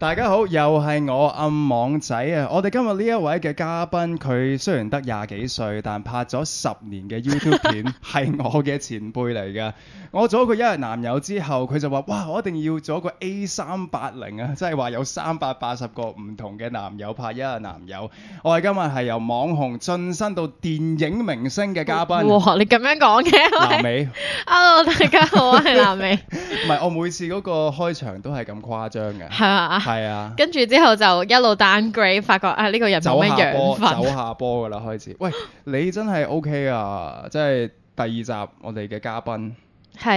大家好，又係我暗網仔啊！我哋今日呢一位嘅嘉賓，佢雖然得廿幾歲，但拍咗十年嘅 YouTube 片，係 我嘅前輩嚟噶。我做咗佢一,一日男友之後，佢就話：哇！我一定要做一個 A 三八零啊！即係話有三百八十個唔同嘅男友拍一日男友。我哋今日係由網紅晉身到電影明星嘅嘉賓。你咁樣講嘅，娜美。 Hello，大家好，我係 娜美。唔係，我每次嗰個開場都係咁誇張噶。係啊。係啊，跟住之後就一路 down grade，發覺啊呢個人冇乜養分，走下波，走下波㗎啦開始。喂， 你真係 OK 啊，即係第二集我哋嘅嘉賓。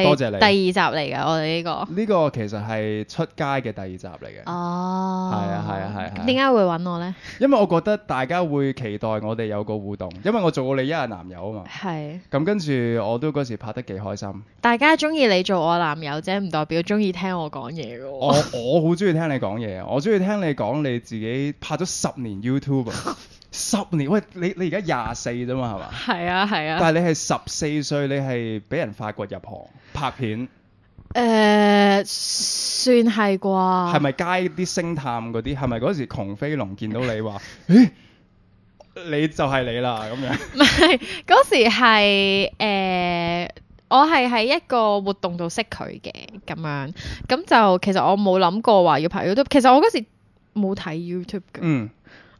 多謝你。第二集嚟嘅，我哋呢、呢個呢個其實係出街嘅第二集嚟嘅。哦、oh, 啊，係啊係啊係。點解、啊、會揾我呢？因為我覺得大家會期待我哋有個互動，因為我做過你一日男友啊嘛。係是。咁跟住我都嗰時拍得幾開心。大家中意你做我男友啫，唔代表中意聽我講嘢㗎喎。我我好中意聽你講嘢，我中意聽你講你自己拍咗十年 YouTube。 十年喂，你你而家廿四啫嘛，係嘛？係啊，係啊。但係你係十四歲，你係俾人發掘入行拍片。誒、呃，算係啩？係咪街啲星探嗰啲？係咪嗰時窮飛龍見到你話，誒， 你就係你啦咁樣？ 唔係，嗰時係誒，我係喺一個活動度識佢嘅咁樣。咁就其實我冇諗過話要拍 YouTube。其實我嗰時冇睇 YouTube 嘅。嗯。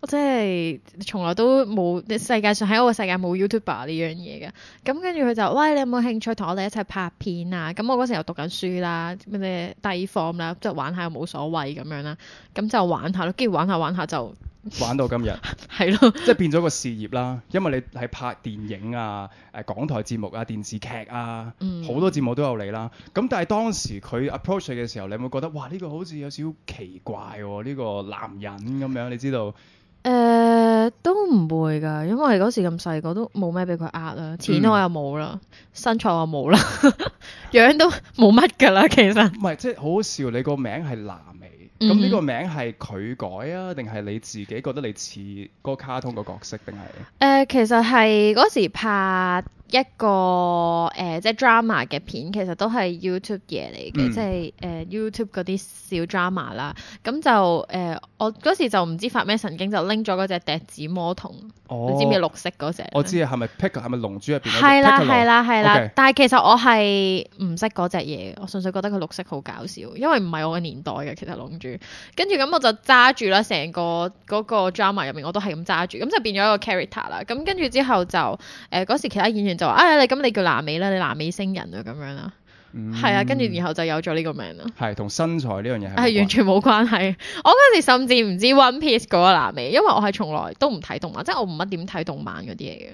我真係從來都冇世界上喺我個世界冇 YouTuber 呢樣嘢嘅，咁跟住佢就，喂，你有冇興趣同我哋一齊拍片啊？咁我嗰陣又讀緊書啦，咩低 form 啦，即係玩下又冇所謂咁樣啦，咁就玩下咯。跟住玩下玩下就玩到今日，係 對咯，即係變咗個事業啦。因為你係拍電影啊、誒、呃、港台節目啊、電視劇啊，好、嗯、多節目都有你啦。咁但係當時佢 approach 你嘅時候，你會覺得，哇！呢、呢個好似有少少奇怪喎、啊，呢、呢個男人咁樣，你知道？誒、uh, 都唔會㗎，因為嗰時咁細個都冇咩俾佢呃啦，錢我又冇啦，嗯、身材我冇啦， 樣都冇乜㗎啦，其實。唔係，即係好好笑，你名娜美、嗯、哼個名係娜美，咁呢個名係佢改啊，定係你自己覺得你似個卡通個角色定係？誒，uh, 其實係嗰時拍，一個誒，即係 drama 嘅片，其實都係 YouTube 嘢嚟嘅，即係誒 YouTube 嗰啲小 drama 啦。咁就誒，我嗰時就唔知發咩神經，就拎咗嗰隻笛子魔童，你知唔知綠色嗰隻？我知係咪 Pick？係咪龍珠入邊？係啦係啦係啦，但係其實我係唔識嗰隻嘢，我純粹覺得佢綠色好搞笑，因為唔係我嘅年代嘅其實龍珠。跟住咁我就揸住啦，成個嗰個 drama 入面我都係咁揸住，咁就變咗一個 character 啦。咁跟住之後就誒嗰時其他演員。啊！你咁、哎、你叫娜美啦，你娜美星人啊，咁樣啦，係、嗯、啊，跟住然後就有咗呢個名啦。係同身材呢樣嘢係完全冇關係。我嗰時甚至唔知 One Piece 嗰、那個娜美，因為我係從來都唔睇動漫，即係我唔乜點睇動漫嗰啲嘢嘅。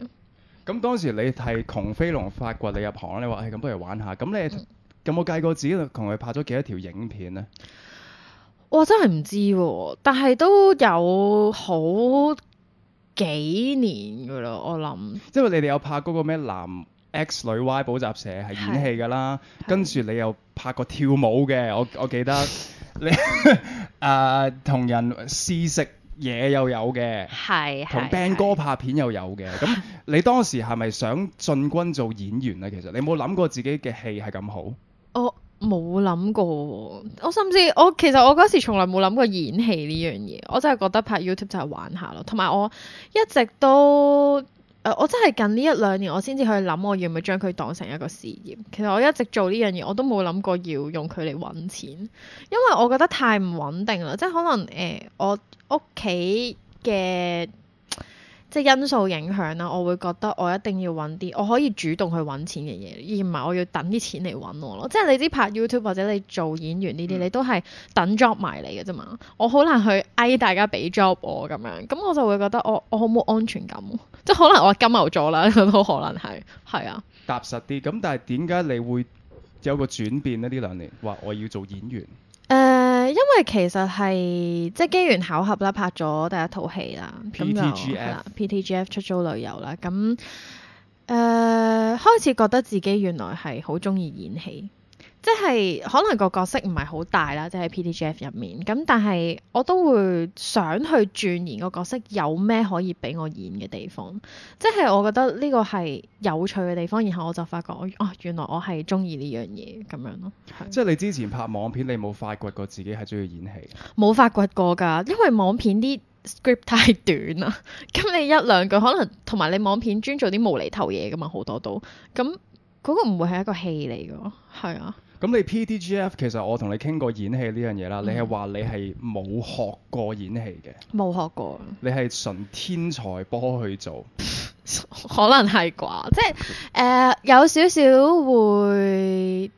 咁當時你係窮飛龍發掘你入行，你話誒咁不如玩下。咁你咁我計過自己同佢拍咗幾多條影片呢？我真係唔知、啊，但係都有好。幾年噶咯，我諗。即係你哋有拍嗰個咩男 X 女 Y 補習社係演戲噶啦，的跟住你又拍過跳舞嘅，我我記得你啊同、 呃、人試食嘢又有嘅，係同 band 哥拍片又有嘅。咁的你當時係咪想進軍做演員咧、啊？其實你冇諗過自己嘅戲係咁好？哦冇諗過喎，我甚至我其實我嗰時從來冇諗過演戲呢樣嘢，我真係覺得拍 YouTube 就係玩下咯。同埋我一直都誒、呃，我真係近呢一兩年我先至去諗我要唔要將佢當成一個事業。其實我一直做呢樣嘢我都冇諗過要用佢嚟揾錢，因為我覺得太唔穩定啦。即係可能誒、呃，我屋企嘅，即係因素影響啦、啊，我會覺得我一定要揾啲我可以主動去揾錢嘅嘢，而唔係我要等啲錢嚟揾我咯。即係你知拍 YouTube 或者你做演員呢啲，嗯、你都係等 job 埋嚟嘅啫嘛。我好難去嗌大家俾 job 我咁樣，咁我就會覺得我我好冇安全感、啊。即係可能我係金牛座啦，都可能係係啊。踏實啲咁，但係點解你會有個轉變呢？呢兩年話我要做演員。因為其實係即係機緣巧合啦，拍咗第一套戲啦，咁 G 就係啦 PTGF 出租旅遊啦，咁誒、呃、開始覺得自己原來係好鍾意演戲。即係可能個角色唔係好大啦，即係 PTGF 入面。咁但係我都會想去鑽研個角色，有咩可以俾我演嘅地方？即係我覺得呢個係有趣嘅地方。然後我就發覺，哦，原來我係中意呢樣嘢咁樣咯。即係你之前拍網片，你冇發掘過自己係中意演戲？冇發掘過㗎，因為網片啲 script 太短啦。咁 你一兩句可能同埋你網片專做啲無厘頭嘢㗎嘛，好多都咁嗰個唔會係一個戲嚟㗎，係啊。咁你 PTGF 其實我同你傾過演戲呢樣嘢啦，嗯、你係話你係冇學過演戲嘅，冇學過。你係純天才波去做，可能係啩，即係誒、 呃、有少少會。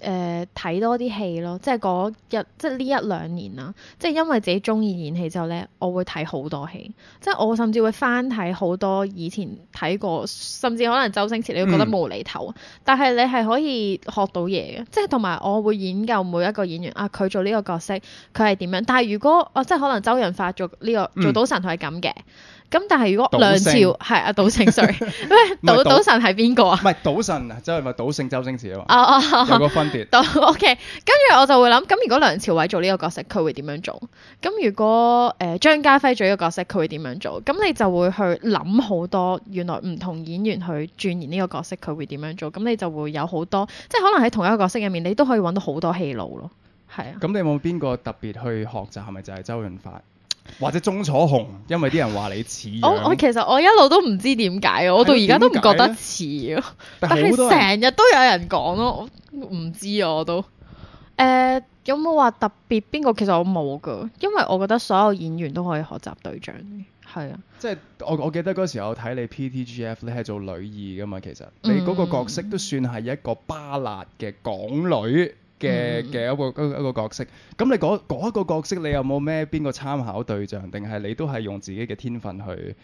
誒睇、呃、多啲戲咯，即係嗰日，即係呢一兩年啦，即係因為自己中意演戲之後咧，我會睇好多戲，即係我甚至會翻睇好多以前睇過，甚至可能周星馳你都覺得無厘頭，嗯、但係你係可以學到嘢嘅，即係同埋我會研究每一個演員啊，佢做呢個角色佢係點樣？但係如果啊，即係可能周潤發做呢、個做到神，係咁嘅。咁、嗯、但係如果梁朝係阿賭聖，sorry，咩賭賭神係邊個啊？唔係賭神，周，係咪賭聖周星馳啊嘛。哦哦，有個分別。O K，跟住我就會諗，咁如果梁朝偉做呢個角色，佢會點樣做？咁如果誒、呃、張家輝做呢個角色，佢會點樣做？咁你就會去諗好多，原來唔同演員去鑽研呢個角色，佢會點樣做？咁你就會有好多，即係可能喺同一個角色入面，你都可以揾到好多戲路咯。係啊。咁你有冇邊個特別去學習？係咪就係周潤發？或者鍾楚紅，因為啲人話你似。我我其實我一路都唔知點解，我到而家都唔覺得似咯。 但係成日都有人講咯，我唔知啊，我都。誒，uh，有冇話特別邊個？其實我冇㗎，因為我覺得所有演員都可以學習對象。係啊。即係我我記得嗰時候睇你 PTGF 你係做女二㗎嘛，其實你嗰個角色都算係一個巴辣嘅港女。嘅嘅一個一個角色，咁你嗰一個角色，你有冇咩邊個參考對象，定係你都係用自己嘅天分去，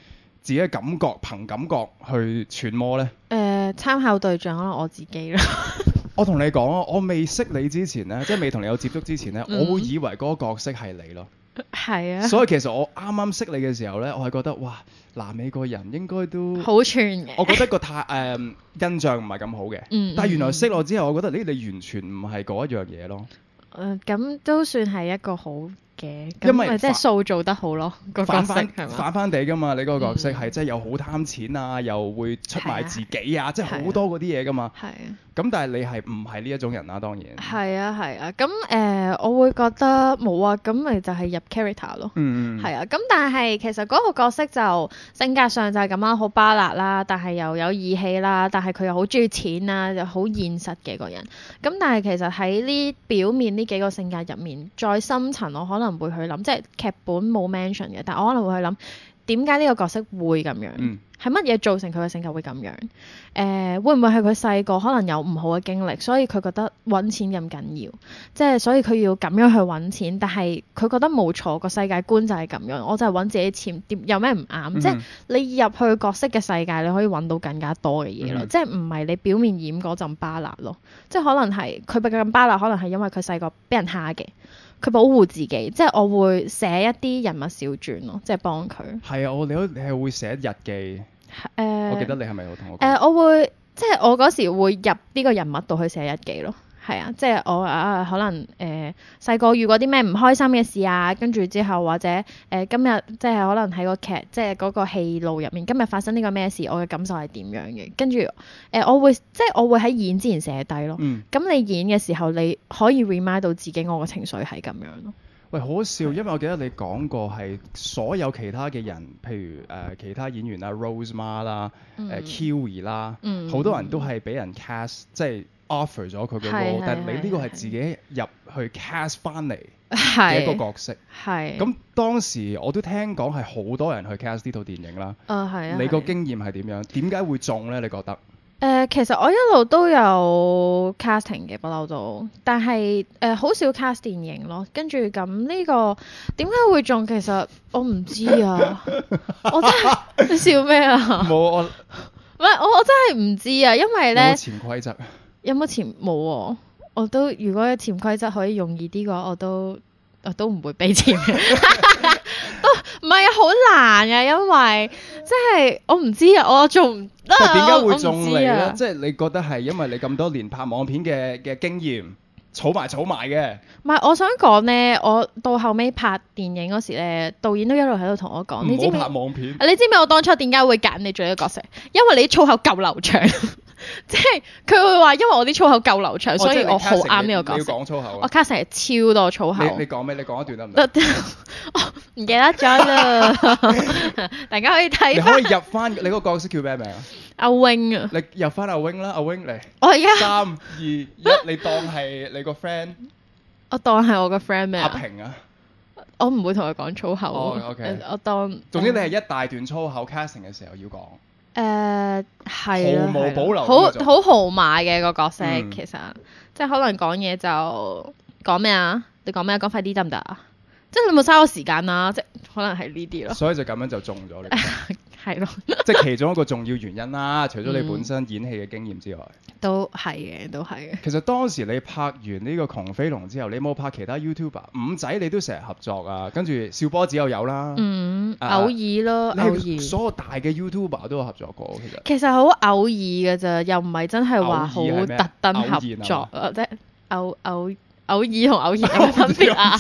自己嘅感覺憑感覺去揣摩呢？誒、呃，參考對象可能我自己咯。 我同你講啊，我未識你之前咧，即係未同你有接觸之前咧，我會以為嗰個角色係你咯。係是啊，所以其實我啱啱識你嘅時候咧，我係覺得哇，娜、啊、美個人應該都好串嘅。我覺得、嗰個太誒、呃、印象唔係咁好嘅，嗯嗯但係原來識落之後，我覺得呢你，你完全唔係嗰一樣嘢咯。誒、呃，咁都算係一個好嘅，因為即係塑造得好咯。反，反反反反地㗎嘛，你個角色係即係又好貪錢啊，又會出賣自己啊，是啊，即係好多嗰啲嘢㗎嘛。係啊。咁但係你係唔係呢一種人啦、啊？當然係啊，係啊，咁誒、啊呃、我會覺得冇啊，咁咪就係入 character 咯，係、嗯、啊，咁但係其實嗰個角色就性格上就係咁啦，好巴辣啦，但係又有義氣啦，但係佢又好中意錢啊，又好現實嘅個人。咁但係其實喺呢表面呢幾個性格入面，再深層我可能會去諗，即係劇本冇 mention 嘅，但我可能會去諗。點解呢個角色會咁樣？係乜嘢造成佢嘅性格會咁樣？誒、呃，會唔會係佢細個可能有唔好嘅經歷，所以佢覺得揾錢咁緊要，即係所以佢要咁樣去揾錢。但係佢覺得冇錯，個世界觀就係咁樣，我就係揾自己錢。點有咩唔啱？即係，嗯哼，你入去角色嘅世界，你可以揾到更加多嘅嘢咯。即係唔係你表面演嗰陣巴辣咯？即係，可能係佢扮咁巴辣，可能係因為佢細個俾人蝦嘅。佢保護自己，即係我會寫一啲人物小傳咯，即係幫佢。係啊，我哋你係會寫日記。誒、呃，我記得你係咪有同我講？誒、呃，我會即係我嗰時會入呢個人物度去寫日記咯。係啊，即係我啊、呃、可能誒細個遇過啲咩唔開心嘅事啊，跟住之後或者誒、呃、今日即係可能喺個劇即係嗰個戲路入面，今日發生呢個咩事，我嘅感受係點樣嘅？跟住誒我會即係我會喺演之前寫低咯。嗯。咁你演嘅時候，你可以 remind 到自己我嘅情緒係咁樣咯。喂，好笑，因為我記得你講過係所有其他嘅人，譬如誒、呃、其他演員啊 Rose Ma 啦，誒 Kiwi 啦，好多人都係俾人 cast 即係。offer 咗佢嘅，係係係係，但係你呢個係自己入去 cast 翻嚟嘅一個角色。係。咁當時我都聽講係好多人去 cast 呢套電影啦。啊係啊。係係係，你個經驗係點樣？點解會中咧？你覺得？誒、呃，其實我一路都有 casting 嘅不嬲都，但係誒好少 cast 電影咯。跟住咁呢個點解會中？其實我唔知啊。我真係，你笑咩啊？冇我。唔係，我我真係唔知啊，因為咧。有冇潛規則？有冇潛，冇喎？我都如果潛規則可以容易啲嘅話，我都我都唔會俾錢 都，唔係啊，好難啊，因為即係我唔知我啊，我仲點解會中你咧？啊、即係你覺得係因為你咁多年拍網片嘅嘅經驗，儲埋儲埋嘅。唔係，我想講咧，我到後尾拍電影嗰時咧，導演都一路喺度同我講。你知拍網片？你知唔知我當初點解會揀你做呢個角色？因為你啲粗口夠流暢。 即係佢會話，因為我啲粗口夠流暢，所以我好啱呢個角色。你要講粗口啊？我 casting 係超多粗口。你講咩？你講一段得唔得？我唔記得咗啦，大家可以睇。你可以入翻你嗰個角色叫咩名啊？阿 wing 啊，你入翻阿 wing 啦，阿 wing 嚟。我而家三二一，你當係你個 friend。我當係我個 friend 咩？阿平啊，我唔會同佢講粗口。O K，我當。總之你係一大段粗口，casting 嘅時候要講。誒係啊，好好、uh, 豪邁嘅個角色，嗯、其實，即係可能講嘢就講咩啊？你講咩啊？講快啲得唔得啊？即係你冇嘥我時間啊！即係可能係呢啲咯。所以就咁樣就中咗你。係咯， 即係其中一個重要原因啦。除咗你本身演戲嘅經驗之外，都係嘅，都係。都其實當時你拍完呢個窮飛龍之後，你冇拍其他 YouTuber？五仔你都成日合作啊，跟住笑波子又有啦，嗯啊、偶爾咯，偶爾。所有大嘅 YouTuber 都有合作過，其實。其實好偶爾㗎咋。又唔係真係話好特登合作，或者偶偶是是。偶偶爾同偶然有分別啊？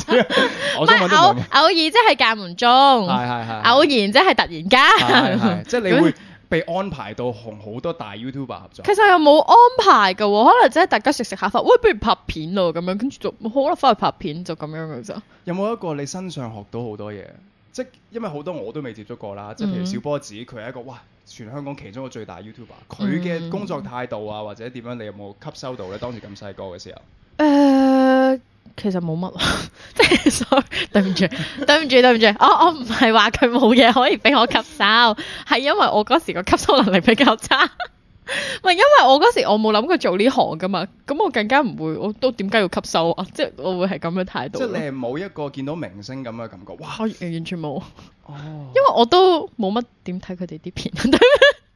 偶 偶爾即係間唔中，是是是是偶然即係突然間。是是是是即係你會被安排到同好多大 YouTuber 合作。其實又冇安排㗎喎，可能即係大家食食下飯，喂不如拍片咯咁樣，跟住就好啦，翻去拍片就咁樣嘅啫。有冇一個你身上學到好多嘢？即係因為好多我都未接觸過啦，即係譬如小波子，佢係一個哇全香港其中一個最大 YouTuber，佢嘅、嗯、工作態度啊或者點樣，你有冇吸收到咧？當時咁細個嘅時候。誒、呃。其實冇乜，即係對唔住，對唔住，對唔住。哦，oh, 我唔係話佢冇嘢可以俾我吸收，係 因為我嗰時個吸收能力比較差。唔係 因為我嗰時我冇諗過做呢行噶嘛，咁我更加唔會，我都點解要吸收啊？即係我會係咁樣態度。即係你係冇一個見到明星咁嘅感覺，哇！ 完全冇。哦。Oh. 因為我都冇乜點睇佢哋啲片。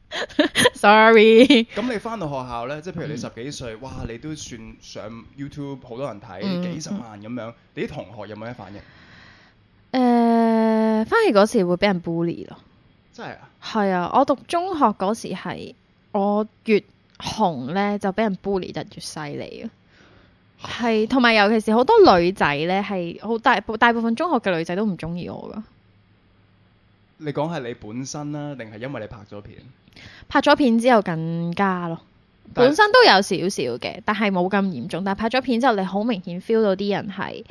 Sorry。咁、嗯、你翻到學校咧，即係譬如你十幾歲，哇，你都算上 YouTube 好多人睇，嗯、幾十萬咁樣，你啲同學有冇咩反應？誒，翻去嗰時會俾人 bully 咯。真係啊？係啊，我讀中學嗰時係，我越紅咧就俾人 bully 得越犀利啊。係， 同埋尤其是好多女仔咧，係好大大部分中學嘅女仔都唔中意我噶。你講係你本身啦，定係因為你拍咗片？拍咗片之後更加咯，本身都有少少嘅，但係冇咁嚴重。但係拍咗片之後，你好明顯 feel 到啲人係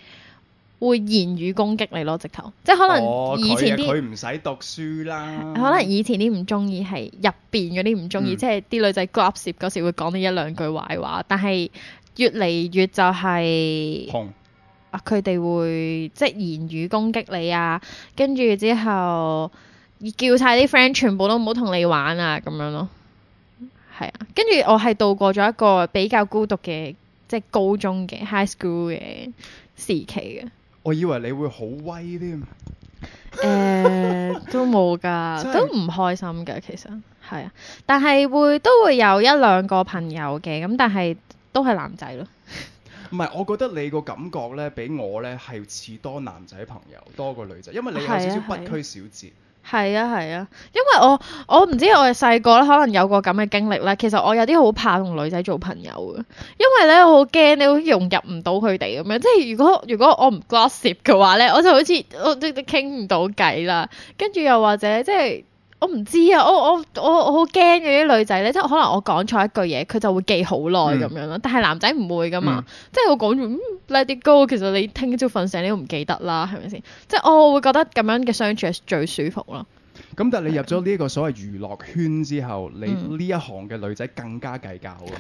會言語攻擊你咯，直頭，即係可能以前啲，佢唔使讀書啦。可能以前啲唔中意係入邊嗰啲唔中意，嗯、即係啲女仔夾攝嗰時會講呢一兩句壞話，但係越嚟越就係佢哋會即係言語攻擊你啊，跟住之後。叫晒啲 friend 全部都唔好同你玩啊咁樣咯，係啊。跟住我係度過咗一個比較孤獨嘅即係高中嘅 high school 嘅時期嘅。我以為你會好威添。誒、欸，都冇㗎， 都唔開心嘅，其實係啊，但係會都會有一兩個朋友嘅，咁但係都係男仔咯。唔係，我覺得你個感覺咧，比我咧係似多男仔朋友多過女仔，因為你有少少不拘小節。係啊係啊，因為我我唔知我係細個咧，可能有個咁嘅經歷啦。其實我有啲好怕同女仔做朋友嘅，因為咧我好驚咧，我好似融入唔到佢哋咁樣。即係如果如果我唔 gossip 嘅話咧，我就好似我我傾唔到偈啦。跟住又或者即係。我唔知啊，我我我我好驚嗰啲女仔咧，即係可能我講錯一句嘢，佢就會記好耐咁樣咯。嗯、但係男仔唔會噶嘛，嗯、即係我講完 let it go，其實你聽朝瞓醒你都唔記得啦，係咪先？即係我會覺得咁樣嘅相處係最舒服咯。咁但係你入咗呢一個所謂娛樂圈之後，嗯、你呢一行嘅女仔更加計較啊嘛。誒、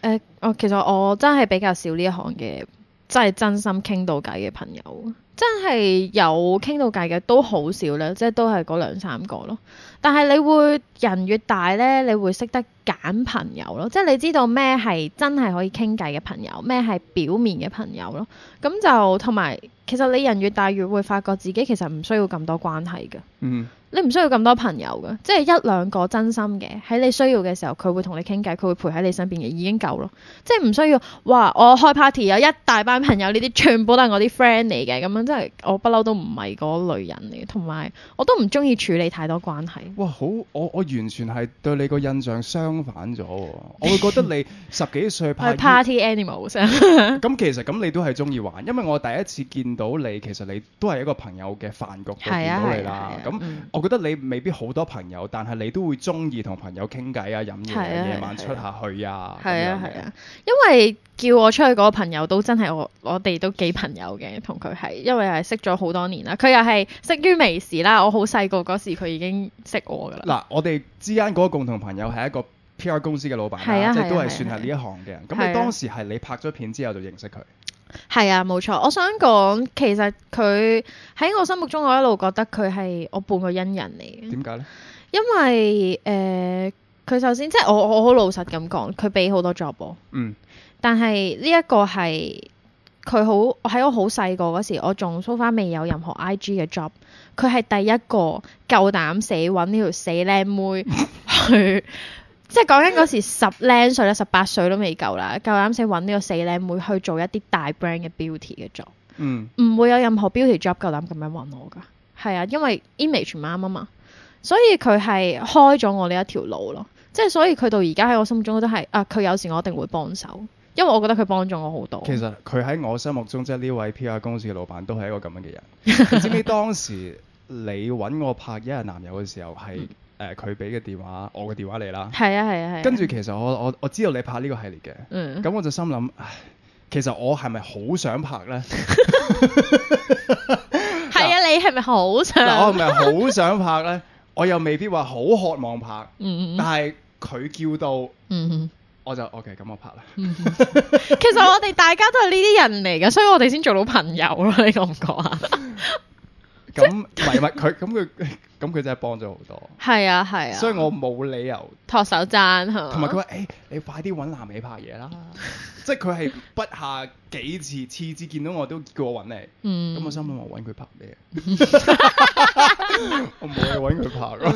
呃，我其實我真係比較少呢一行嘅。真係真心傾到偈嘅朋友，真係有傾到偈嘅都好少喇，即係都係嗰兩三個咯。但係你會人越大呢，你會識得揀朋友咯，即係你知道咩係真係可以傾偈嘅朋友，咩係表面嘅朋友咯。咁就同埋其實你人越大越會發覺自己其實唔需要咁多關係嘅。嗯。你唔需要咁多朋友㗎，即係一兩個真心嘅，喺你需要嘅時候佢會同你傾偈，佢會陪喺你身邊嘅已經夠咯。即係唔需要話我開 party 有一大班朋友呢啲，全部都係我啲 friend 嚟嘅。咁樣真係我不嬲都唔係嗰類人嚟，同埋我都唔中意處理太多關係。哇，好，我我完全係對你個印象相反咗。我會覺得你十幾歲係 party animals。咁 其實咁你都係中意玩，因為我第一次見到你，其實你都係一個朋友嘅飯局度見到你啦。咁我、啊。 覺得你未必好多朋友，但係你都會中意同朋友傾偈啊，飲嘢啊，夜晚出下去啊。係啊係啊，因為叫我出去嗰個朋友都真係我我哋都幾朋友嘅，同佢係因為係識咗好多年啦。佢又係識於微時啦，我好細個嗰時佢已經識我㗎啦。嗱，我哋之間嗰個共同朋友係一個 P.R. 公司嘅老闆，即係都係算係呢一行嘅人。咁你當時係你拍咗片之後就認識佢？係啊，冇錯。我想講，其實佢喺我心目中，我一路覺得佢係我半個恩人嚟嘅。點解咧？因為誒，佢、呃、首先即係我我好老實咁講，佢俾好多 job 噃。嗯。但係呢一個係佢好，喺我好細個嗰時，我仲 so far 未有任何 IG 嘅 job，佢係第一個夠膽死搵呢條死靚妹去。 即係講緊嗰時十零歲啦，十八歲都未夠啦，夠膽死揾呢個四靚妹，妹去做一啲大 brand 嘅 beauty 嘅 job。嗯，唔會有任何 beauty job 夠膽咁樣揾我噶。係啊，因為 image 唔啱啊嘛，所以佢係開咗我呢一條路咯。即係所以佢到而家喺我心目中都係啊，佢有時我一定會幫手，因為我覺得佢幫咗我好多。其實佢喺我心目中即係呢位 PR 公司嘅老闆都係一個咁樣嘅人。 知唔知當時你揾我拍一日男友嘅時候係、嗯？誒佢俾嘅電話，我嘅電話嚟啦。係啊，係啊，係啊。跟住其實我我我知道你拍呢個系列嘅。嗯。咁我就心諗，唉，其實我係咪好想拍咧？係啊，你係咪好想？ 我係咪好想拍咧？我又未必話好渴望拍。嗯、mm。Hmm. 但係佢叫到，嗯、mm，hmm. 我就 OK，咁我拍啦。其實我哋大家都係呢啲人嚟嘅，所以我哋先做到朋友咯。你覺唔覺啊？咁唔係佢咁佢咁佢真係幫咗好多。係啊，係啊。所以我冇理由托手踭係嘛。同埋佢話誒，你快啲揾娜美拍嘢啦！即係佢係不下幾次次次見到我都叫我揾你。嗯。咁我心諗我揾佢拍咩？ 我唔會揾佢拍咯。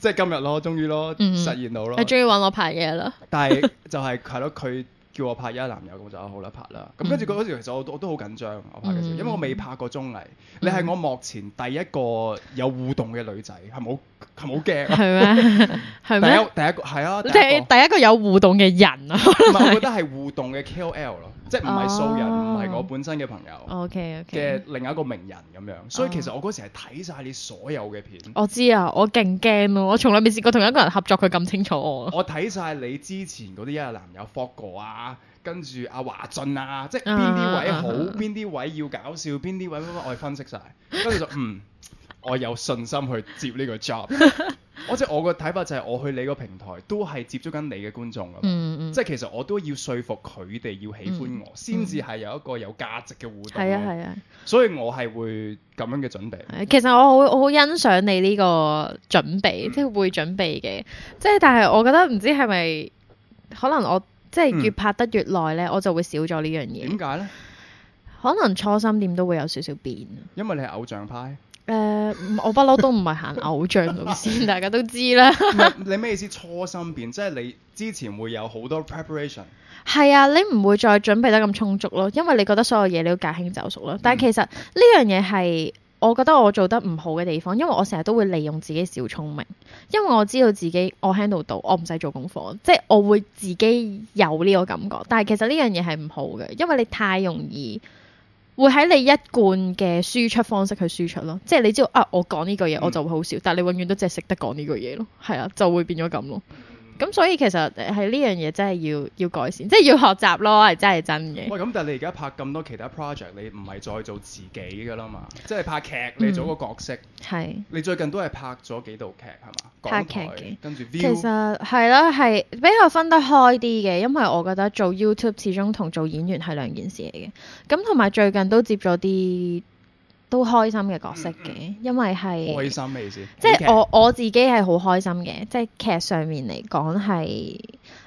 即係今日咯，終於咯，嗯、哼實現到咯。你終於揾我拍嘢啦！但係就係係咯佢。叫我拍一男友咁就好啦，拍啦。咁跟住嗰時其實我我都好緊張，我拍嘅時候，因為我未拍過綜藝，嗯、你係我目前第一個有互動嘅女仔，係咪好、係咪好驚？係咩、啊？係咩？第一、啊、是第一個係啊，你係第一個有互動嘅人啊，唔係，我覺得係互動嘅 KOL 咯。即係唔係素人，唔係、oh. 我本身嘅朋友嘅 Okay, okay. 另一個名人咁樣，所以其實我嗰時係睇晒你所有嘅片。Oh. 我知啊，我勁驚咯，我從來未試過同一個人合作佢咁清楚我。我睇晒你之前嗰啲一日男友 Fogg 啊，跟住阿、啊、華俊啊，即係邊啲位好，邊啲、uh, 位要搞笑，邊啲、uh, 位乜乜，我係、uh, 分析晒。跟住、uh, 就嗯。 我有信心去接呢個 job， 我即係我嘅睇法就係，我去你個平台都係接觸緊你嘅觀眾啊，嗯嗯、即係其實我都要說服佢哋要喜歡我，先至係有一個有價值嘅互動。係啊係啊，嗯、所以我係會咁樣嘅準備、嗯。嗯、其實我好我好欣賞你呢個準備，嗯、即係會準備嘅，即係但係我覺得唔知係咪可能我即係越拍得越耐咧，嗯、我就會少咗呢樣嘢。點解咧？可能初心點都會有少少變。因為你係偶像派。誒，uh, 我不嬲都唔係行偶像路線， 大家都知啦。 你咩意思？初心變，即係你之前會有好多 preparation。係啊，你唔會再準備得咁充足咯，因為你覺得所有嘢你都駕輕就熟啦。但係其實呢樣嘢係我覺得我做得唔好嘅地方，因為我成日都會利用自己小聰明，因為我知道自己我 handle 到，我唔使做功課，即係我會自己有呢個感覺。但係其實呢樣嘢係唔好嘅，因為你太容易。會喺你一貫嘅輸出方式去輸出咯，即係你知道啊，我講呢句嘢我就會好笑，嗯、但係你永遠都淨係識得講呢句嘢咯，係啊，就會變咗咁咯。咁、嗯、所以其實係呢樣嘢真係要要改善，即係要學習咯，係真係真嘅。喂，咁但係你而家拍咁多其他 project，你唔係再做自己噶啦嘛？即係拍劇，你做個角色。係、嗯。你最近都係拍咗幾套劇係嘛？拍劇嘅。跟住 view。其實係啦，係比較分得開啲嘅，因為我覺得做 YouTube 始終同做演員係兩件事嚟嘅。咁同埋最近都接咗啲。都開心嘅角色嘅，因為係開心嘅意思。即係我我自己係好開心嘅，即係劇上面嚟講係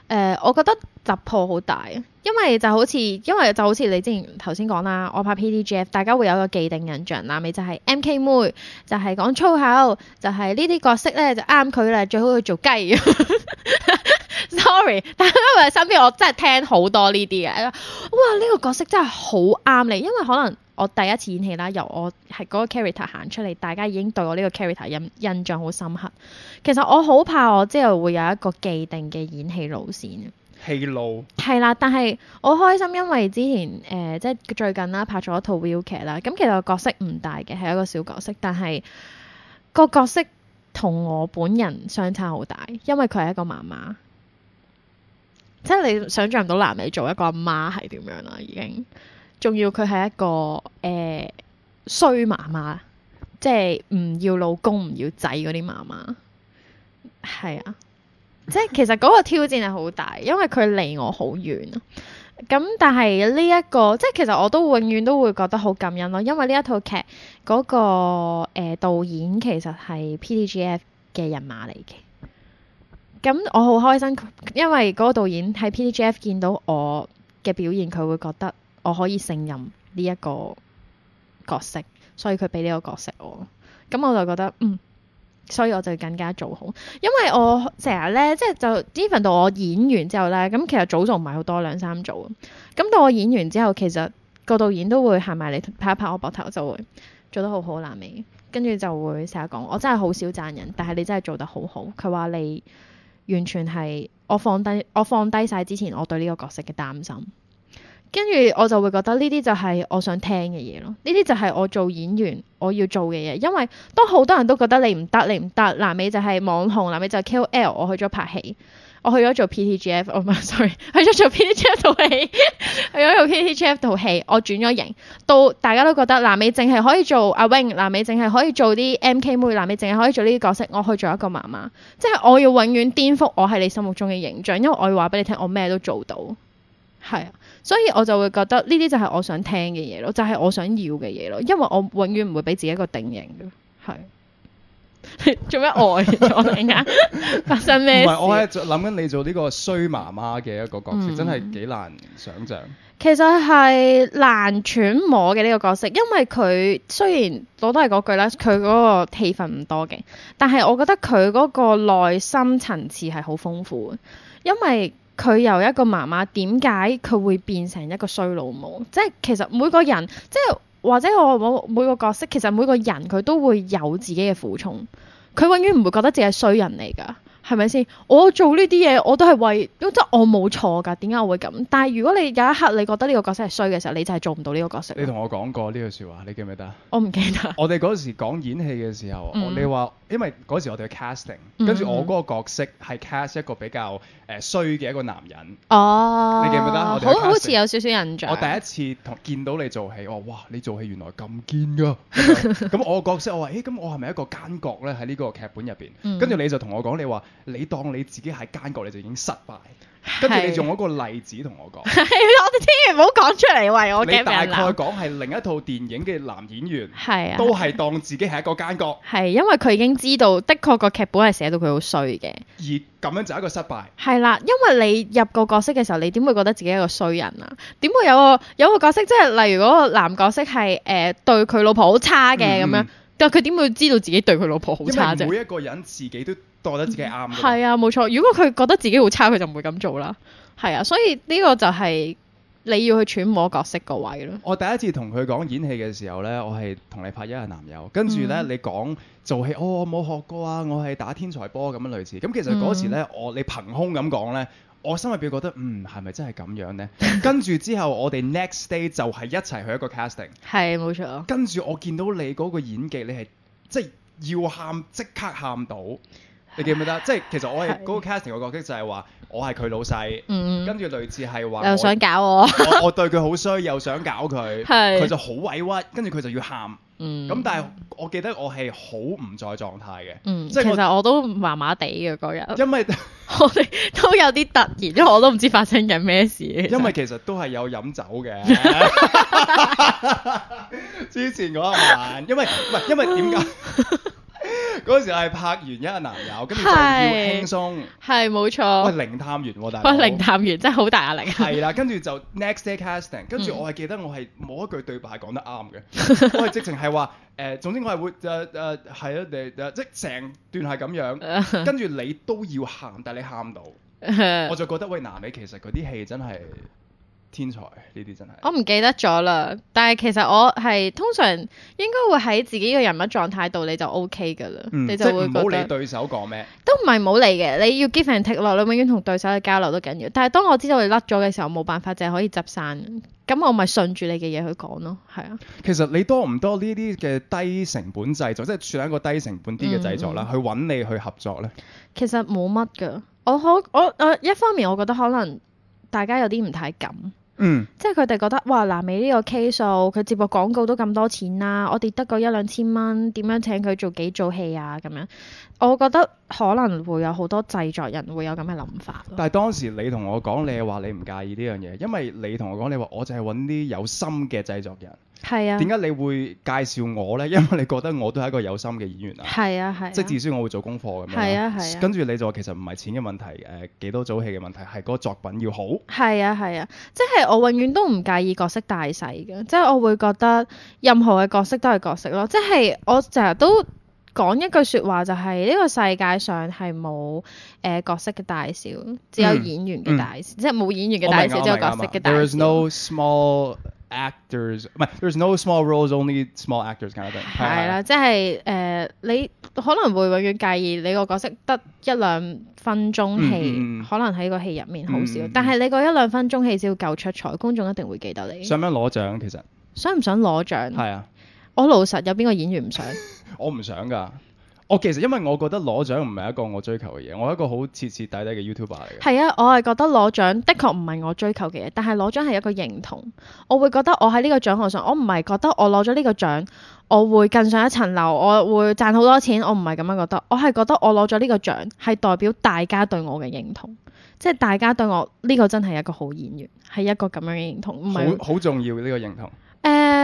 誒，我覺得突破好大啊！因為就好似，因為就好似你之前頭先講啦，我拍 P D J F，大家會有個既定印象，嗱，咪就係 M K 妹，就係講粗口，就係呢啲角色咧就啱佢啦，最好去做雞。 Sorry，但係因為身邊我真係聽好多呢啲嘅，哇！呢個角色真係好啱你，因為可能。我第一次演戲啦，由我係嗰個 character 行出嚟，大家已經對我呢個 character 印印象好深刻。其實我好怕我之後會有一個既定嘅演戲路線。戲路係啦，但係我開心，因為之前誒即係最近啦，拍咗一套 Viu 劇啦，咁其實個角色唔大嘅，係一個小角色，但係個角色同我本人相差好大，因為佢係一個媽媽，即係你想象唔到男仔做一個阿媽係點樣啦，已經。仲要佢係一個誒、呃、衰媽媽，即係唔要老公唔要仔嗰啲媽媽，係啊！ 即係其實嗰個挑戰係好大，因為佢離我好遠啊。咁但係呢一個即係其實我都永遠都會覺得好感恩咯，因為呢一套劇嗰、那個誒、呃、導演其實係 PTGF 嘅人馬嚟嘅。咁我好開心，因為嗰個導演喺 PTGF 見到我嘅表現，佢會覺得，我可以勝任呢一個角色，所以佢俾呢個角色我，咁我就覺得嗯，所以我就更加做好，因為我成日咧，即係就 even 到我演完之後咧，咁其實組就唔係好多兩三組，咁到我演完之後，其實個導演都會行埋嚟拍一拍我膊頭，就會做得好好喇喂，跟住就會成日講，我真係好少讚人，但係你真係做得好好，佢話你完全係我放低我放低晒之前我對呢個角色嘅擔心。跟住我就會覺得呢啲就係我想聽嘅嘢咯。呢啲就係我做演員我要做嘅嘢，因為當好多人都覺得你唔得，你唔得，娜美就係網紅，娜美就係 K O L 我。我去咗拍戲，我去咗做 P T G F。哦唔係，sorry，去咗做 P T G F 套戲， 去咗做 P T G F 套戲。我轉咗型，到大家都覺得娜美淨係可以做阿 wing，娜美淨係可以做啲 M K 妹，娜美淨係可以做呢啲角色。我去做一個媽媽，即係我要永遠顛覆我喺你心目中嘅形象，因為我要話俾你聽，我咩都做到，係啊。所以我就會覺得呢啲就係我想聽嘅嘢咯，就係、是、我想要嘅嘢咯，因為我永遠唔會俾自己一個定型嘅。係做咩呆咗啊？ 發生咩事？唔係，我係諗緊你做呢個衰媽媽嘅一個角色，嗯、真係幾難想像。其實係難揣摩嘅呢個角色，因為佢雖然我都係嗰句啦，佢嗰個戲份唔多嘅，但係我覺得佢嗰個內心層次係好豐富嘅，因為。佢由一個媽媽，點解佢會變成一個衰老母？即係其實每個人，即係或者我每每個角色，其實每個人佢都會有自己嘅苦衷，佢永遠唔會覺得自己係衰人嚟㗎。係咪先？我做呢啲嘢，我都係為，即我冇錯㗎。點解我會咁？但係如果你有一刻你覺得呢個角色係衰嘅時候，你就係做唔到呢個角色。你同我講過呢句説話，你記唔記得？我唔記得。我哋嗰時講演戲嘅時候，嗯、你話因為嗰時我哋嘅 casting，、嗯、跟住我嗰個角色係 cast 一個比較誒衰嘅一個男人。哦。嗯、你記唔記得？我 casting，好好似有少少印象。我第一次同見到你做戲，我話：哇，你做戲原來咁堅㗎！咁 我個角色我話：，誒、欸，咁我係咪一個奸角咧？喺呢個劇本入邊。嗯、跟住你就同我講，你話。你當你自己係奸角，你就已經失敗，跟住是你用一個例子同我講。我哋千祈唔好講出嚟喂，我驚嘅劇本。你大概講係另一套電影嘅男演員，啊、都係當自己係一個奸角，係因為佢已經知道，的確個劇本係寫到佢好衰嘅，而咁樣就係一個失敗。係啦、啊，因為你入個角色嘅時候，你點會覺得自己係一個衰人啊？點會有個有個角色，即係例如嗰個男角色係誒、呃、對佢老婆好差嘅咁、嗯、樣，但佢點會知道自己對佢老婆好差啫？因為每一個人自己都。得嗯啊、覺得自己啱係啊，冇錯。如果佢覺得自己好差，佢就唔會咁做啦。係啊，所以呢個就係你要去揣摩角色個位咯。我第一次同佢講演戲嘅時候呢，我係同你拍一日男友，跟住呢，嗯、你講做戲，哦、我冇學過啊，我係打天才波咁樣類似。咁其實嗰時呢，嗯、我你憑空咁講呢，我心入邊覺得嗯，係咪真係咁樣呢？」 跟住之後，我哋 next day 就係一齊去一個 casting。係，冇錯。跟住我見到你嗰個演技，你係即係要喊即刻喊到。你記唔記得？即係其實我係嗰個 casting 個角色就係話我係佢老細，跟住類似係話又想搞我，我對佢好衰又想搞佢，佢就好委屈，跟住佢就要喊。嗯。咁但係我記得我係好唔在狀態嘅。嗯。即係其實我都麻麻地嘅嗰日。因為我哋都有啲突然，因為我都唔知發生緊咩事。因為其實都係有飲酒嘅。之前嗰晚，因為唔係因為點解？嗰陣 時係拍完一個男友，跟住是就要輕鬆，係冇錯。喂、啊呃，零探員，喂，零探完，真係好大壓力。係 啦，跟住就 next day casting，跟住我係記得我係冇一句對白係講得啱嘅， 我係直情係話誒，總之我係會誒誒係咯，你、呃呃呃呃、即係成段係咁樣，跟住你都要喊， 但係你喊唔到， 我就覺得喂，娜美，其實嗰啲戲真係～天才呢啲真係我唔記得咗啦，但係其實我係通常應該會喺自己嘅人物狀態度，你就 O K 噶啦，你就、OK 嗯、你就會冇、嗯、理對手講咩，都唔係冇理嘅，你要 give and take 落，你永遠同對手嘅交流都緊要。但係當我知道你甩咗嘅時候，冇辦法淨係可以執散，咁我咪順住你嘅嘢去講咯，係啊。其實你多唔多呢啲嘅低成本製作，嗯、即係算係一個低成本啲嘅製作啦，嗯、去揾你去合作咧？其實冇乜噶，我好我我，我，我，我一方面我覺得可能大家有啲唔太敢。嗯，即係佢哋覺得，哇！娜美呢個 case，佢接個廣告都咁多錢啦、啊，我跌得個一兩千蚊，點樣請佢做幾組戲啊？咁樣，我覺得可能會有好多製作人會有咁嘅諗法。但係當時你同我講，你話你唔介意呢樣嘢，因為你同我講，你話我淨係揾啲有心嘅製作人。係啊，點解你會介紹我咧？因為你覺得我都係一個有心嘅演員啊，係啊係，啊即係至少我會做功課咁樣，啊，係啊係。啊跟住你就話其實唔係錢嘅問題，誒、呃、幾多組戲嘅問題係嗰個作品要好。係啊係啊，即係我永遠都唔介意角色大細嘅，即係我會覺得任何嘅角色都係角色咯，即係我成日都講一句説話就係、是、呢、呢個世界上係冇誒角色嘅大小，只有演員嘅大小，嗯嗯、即係冇演員嘅大小只有角色嘅大小。There is no small Actors 唔係，There's no small roles，only small actors kind of thing. 係啦，即係誒，uh, 你可能會永遠介意你個角色得一兩分鐘戲，mm hmm. 可能喺個戲入面好少，mm hmm. 但係你嗰一兩分鐘戲只要夠出彩，觀眾一定會記得你。想唔想攞獎其實？想唔想攞獎？係啊，我老實，有邊個演員唔想？ 我唔想㗎。我其實因為我覺得攞獎唔係一個我追求嘅嘢，我係一個好徹徹底底嘅 YouTuber 嚟嘅。係啊，我係覺得攞獎的確唔係我追求嘅嘢，但係攞獎係一個認同。我會覺得我喺呢個獎項上，我唔係覺得我攞咗呢個獎，我會更上一層樓，我會賺好多錢。我唔係咁樣覺得，我係覺得我攞咗呢個獎係代表大家對我嘅認同，即係大家對我呢個真係一個好演員，係一個咁樣嘅認同。唔係，好，好重要嘅呢個認同。誒。Uh,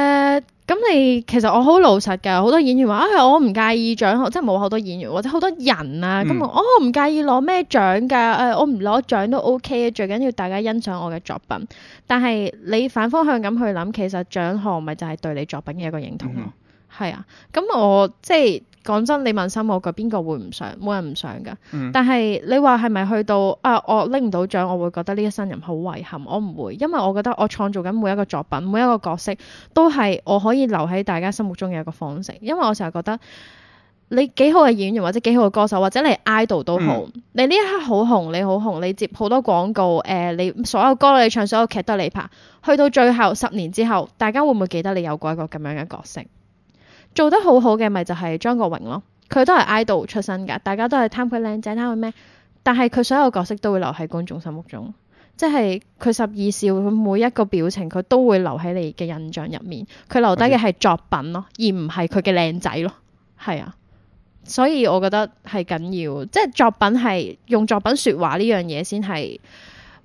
咁你其實我好老實㗎，好多演員話啊、哎，我唔介意獎項，即係冇好多演員或者好多人啊，咁、嗯、我唔、哦、介意攞咩獎㗎，誒、哎，我唔攞獎都 O K 嘅，最緊要大家欣賞我嘅作品。但係你反方向咁去諗，其實獎項咪就係對你作品嘅一個認同咯，係、嗯、啊。咁我即係。講真，你問心我個邊個會唔想，冇人唔想㗎。嗯、但係你話係咪去到啊，我拎唔到獎，我會覺得呢一生人好遺憾？我唔會，因為我覺得我創造緊每一個作品、每一個角色，都係我可以留喺大家心目中嘅一個方式。因為我成日覺得你幾好嘅演員或者幾好嘅歌手或者你 idol 都好，嗯、你呢一刻好紅，你好紅，你接好多廣告，誒、呃，你所有歌你唱，所有劇都係你拍。去到最後十年之後，大家會唔會記得你有過一個咁樣嘅角色？做得好好嘅咪就係張國榮咯，佢都係 idol 出身㗎，大家都係貪佢靚仔貪佢咩？但係佢所有角色都會留喺觀眾心目中，即係佢十二少，佢每一個表情佢都會留喺你嘅印象入面，佢留低嘅係作品咯，Okay. 而唔係佢嘅靚仔咯，係啊，所以我覺得係緊要，即係作品係用作品説話呢樣嘢先係。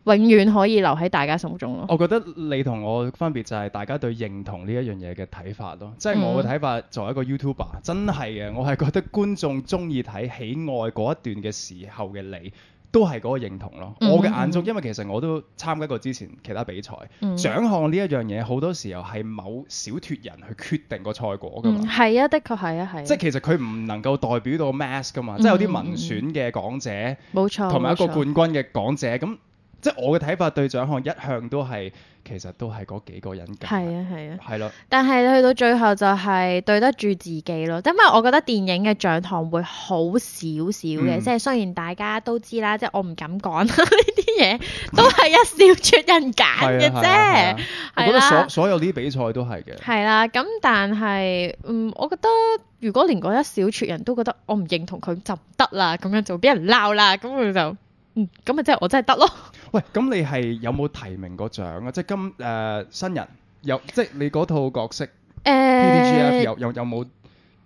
永遠可以留喺大家心目中咯。我覺得你同我分別就係大家對認同呢一樣嘢嘅睇法咯。嗯、即係我嘅睇法，作為一個 YouTuber，真係嘅，我係覺得觀眾鍾意睇喜愛嗰一段嘅時候嘅你，都係嗰個認同咯。嗯、我嘅眼中，因為其實我都參加過之前其他比賽，獎、嗯、項呢一樣嘢好多時候係某小撮人去決定個賽果㗎嘛。係啊、嗯，的確係啊，係。即係其實佢唔能夠代表到 mass 㗎嘛，即係、嗯嗯、有啲民選嘅講者，同埋一個冠軍嘅講者咁。嗯即係我嘅睇法，對獎項一向都係其實都係嗰幾個人揀㗎。係啊，係啊。係咯、啊，但係去到最後就係對得住自己咯。因為我覺得電影嘅獎項會好少少嘅，嗯、即係雖然大家都知啦，即係我唔敢講呢啲嘢，都係一小撮人揀嘅啫。我覺得所有、啊、所有啲比賽都係嘅。係啦、啊，咁但係嗯，我覺得如果連嗰一小撮人都覺得我唔認同佢，就唔得啦。咁樣就俾人鬧啦。咁佢就嗯，咁咪即係我真係得咯。喂，咁你係有冇提名個獎啊？即係今誒、呃、新人有，即係你套角色誒 P、uh, D G F 有有有冇？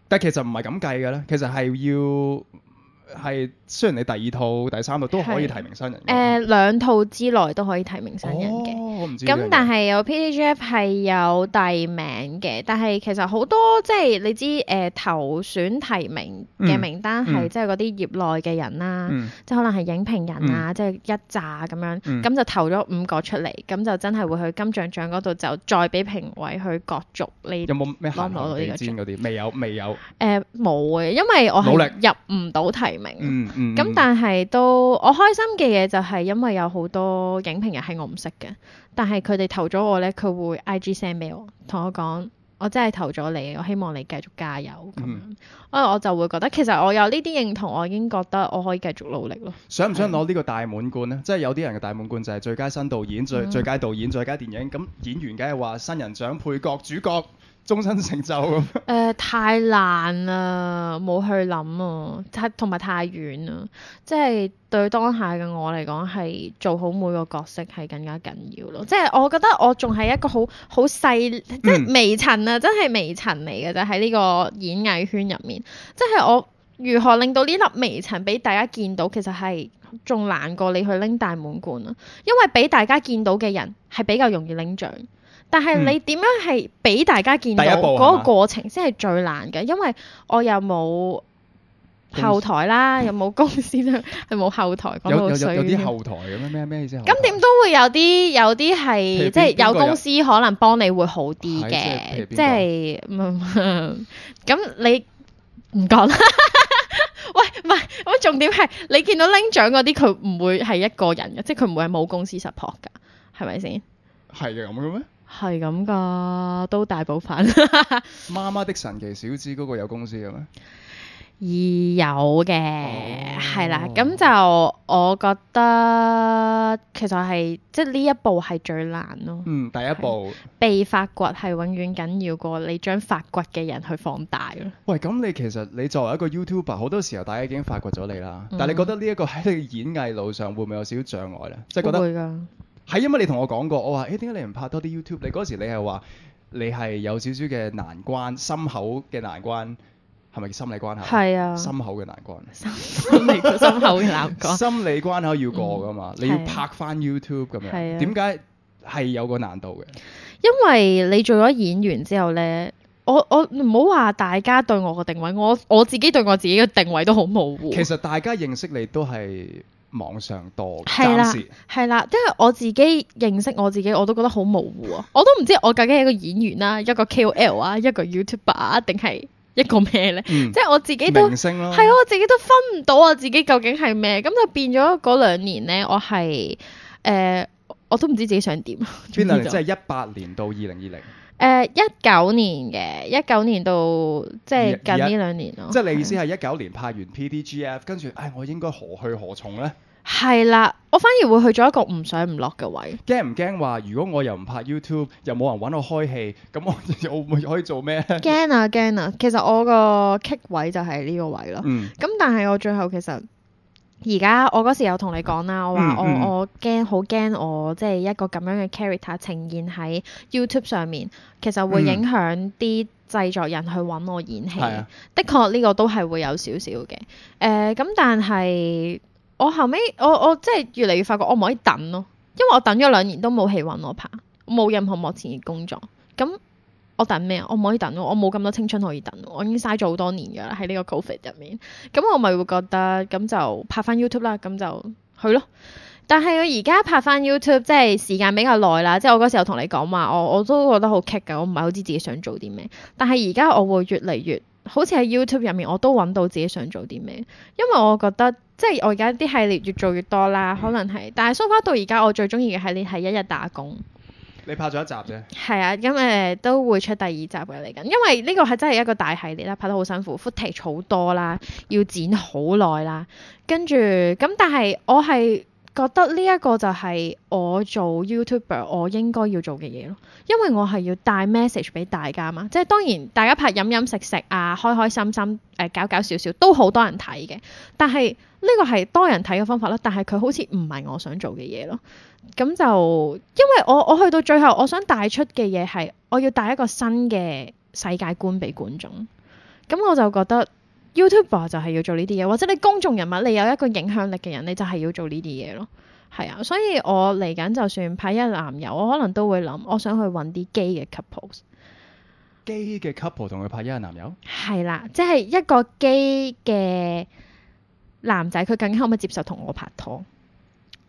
但係其實唔係咁計嘅咧，其實係要係雖然你第二套、第三套都可以提名新人嘅。誒、uh, 兩套之內都可以提名新人嘅。Oh. 咁但係有 PDF 係有第名嘅，但係其實好多即係你知，誒投選提名嘅名單係即係嗰啲業內嘅人啦，即係可能係影評人啊，即係一揸咁樣，咁就投咗五個出嚟，咁就真係會去金像獎嗰度就再俾評委去角逐呢啲。有冇攞到呢個嗰啲？未有，未有。誒，冇嘅，因為我係入唔到提名。嗯，咁但係都我開心嘅嘢就係因為有好多影評人係我唔識嘅。但係佢哋投咗我呢，佢會 I G send 俾我，同我講：我真係投咗你，我希望你繼續加油咁樣。我、嗯、我就會覺得其實我有呢啲認同，我已經覺得我可以繼續努力咯。想唔想攞呢個大滿貫呢？嗯、即係有啲人嘅大滿貫就係最佳新導演、最最佳導演、嗯、最佳電影，咁演員梗係話新人獎、配角、主角。終身成就咁誒、呃、太難啦，冇去諗啊，太同埋太遠啦，即係對當下嘅我嚟講係做好每個角色係更加緊要咯。即係我覺得我仲係一個好好細即係微塵啊，嗯、真係微塵嚟嘅就喺呢個演藝圈入面。即係我如何令到呢粒微塵俾大家見到，其實係仲難過你去拎大滿貫啊，因為俾大家見到嘅人係比較容易領獎。但係你點樣係俾大家見到嗰個過程先係最難嘅，因為我又冇後台啦，又冇公司，係冇 後台講到衰。有有有啲後台嘅咩咩咩先？咁點都會有啲有啲係即係有公司可能幫你會好啲嘅，即係咁你唔講啦。喂，唔係咁重點係你見到拎獎嗰啲，佢唔會係一個人嘅，即係佢唔會係冇公司 support 噶，係咪先？係咁嘅咩？係咁噶，都大部分 。媽媽的神奇小子嗰個有公司嘅咩？而有嘅，係啦，oh。咁就我覺得其實係即呢一步係最難咯。嗯，第一步，被發掘係永遠緊要過你將發掘嘅人去放大咯。喂，咁你其實你作為一個 YouTuber 好多時候大家已經發掘咗你啦。嗯、但係你覺得呢一個喺你演藝路上會唔會有少少障礙呢？即係覺得。會㗎。係因為你同我講過，我話誒點解你唔拍多啲 YouTube？你嗰時你係話你係有少少嘅難關，心口嘅難關係咪叫心理關口？係啊深心，心口嘅難關。心理心口嘅難關。心理關口要過㗎嘛？嗯、你要拍翻 YouTube 咁樣，點解係有個難度嘅、啊？因為你做咗演員之後咧，我我唔好話大家對我嘅定位，我我自己對我自己嘅定位都好模糊。其實大家認識你都係。網上多嘅，的暫時係啦，即係我自己認識我自己，我都覺得好模糊啊！我都唔知我究竟係一個演員啦， 一個 KOL 啊，一個 YouTuber 啊，定係一個咩咧？嗯、即係我自己都係啊，我自己都分唔到我自己究竟係咩。咁就變咗嗰兩年咧，我係誒、呃、我都唔知自己想點。邊兩年即係一八年到二零二零？誒，一九年嘅，一九年到即係近呢兩年咯。即係在是你意思係一九年拍完 P D G F，跟住唉，我應該何去何從呢？係啦，我反而會去咗一個唔上唔落嘅位。驚唔驚話如果我又唔拍 YouTube，又冇人揾我開戲，咁我有 冇可以做咩？驚啊驚啊！其實我個 kick 位就係呢個位咯。嗯。咁但係我最後其實。而家我嗰時有同你講啦，我話我我驚好驚我即係、就是、一個咁樣嘅 character 呈現喺 YouTube 上面，其實會影響啲製作人去揾我演戲。嗯啊、的確呢、呢個都係會有少少嘅。誒、呃、咁，但係我後尾，我我即係越嚟越發覺我唔可以等咯，因為我等咗兩年都冇戲揾我拍，冇任何幕前嘅工作。咁、嗯我等咩啊？我唔可以等我，我冇咁多青春可以等我，我已經嘥咗好多年㗎啦，喺呢個 COVID 入面。咁我咪會覺得，咁就拍翻 YouTube 啦，咁就去咯。但係我而家拍翻 YouTube，即係時間比較耐啦。即係我嗰時候同你講嘛，我我都覺得好棘㗎，我唔係好知自己想做啲咩。但係而家我會越嚟越，好似喺 YouTube 入面，我都揾到自己想做啲咩。因為我覺得，即係我而家啲系列越做越多啦，可能係，但係 so far 到而家，我最中意嘅系列係一日打工。你拍咗一集啫，係啊，咁誒、呃、都會出第二集嘅嚟緊。因為呢個係真係一個大系列啦，拍得好辛苦，footage 好多啦，要剪好耐啦，跟住咁、嗯，但係我係覺得呢一個就係我做 YouTuber 我應該要做嘅嘢咯，因為我係要帶 message 俾大家嘛，即係當然大家拍飲飲食食啊，開開心心誒、呃、搞搞笑笑都好多人睇嘅，但係。呢個係多人睇嘅方法啦，但係佢好似唔係我想做嘅嘢咯。咁就因為我我去到最後，我想帶出嘅嘢係，我要帶一個新嘅世界觀俾觀眾。咁我就覺得 YouTuber 就係要做呢啲嘢，或者你公眾人物，你有一個影響力嘅人，你就係要做呢啲嘢咯。係啊，所以我嚟緊就算拍一日男友，我可能都會諗，我想去揾啲基嘅 couple。基嘅 couple 同佢拍一日男友？係啦，即係一個基嘅。男仔佢更加可唔可以接受同我拍拖？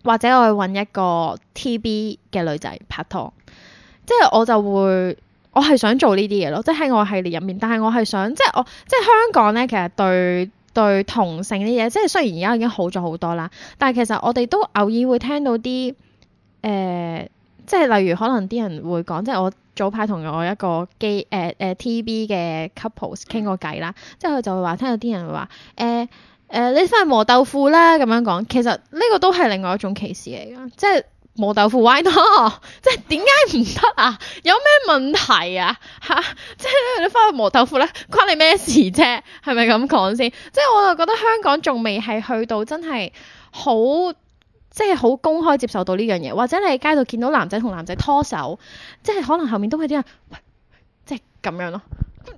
或者我去揾一個 TB 嘅女仔拍拖，即係我就會，我係想做呢啲嘢咯，即係喺我系列入面，但係我係想即係我即係香港咧，其實對對同性啲嘢，即係雖然而家已經好咗好多啦，但係其實我哋都偶爾會聽到啲誒、呃，即係例如可能啲人會講，即係我早排同我一個基誒、呃呃、TB 嘅 couple 傾過偈啦，即係佢就會話聽到啲人會話誒。呃誒、呃，你翻去磨豆腐啦，咁樣講，其實呢個都係另外一種歧視嚟㗎，即係磨豆腐 Why not？ 即係點解唔得啊？有咩問題啊？嚇，即係你翻去磨豆腐咧，關你咩事啫、啊？係咪咁講先？即係我就覺得香港仲未係去到真係好，即係好公開接受到呢樣嘢，或者你喺街度見到男仔同男仔拖手，即係可能後面都係啲人。咁樣咯，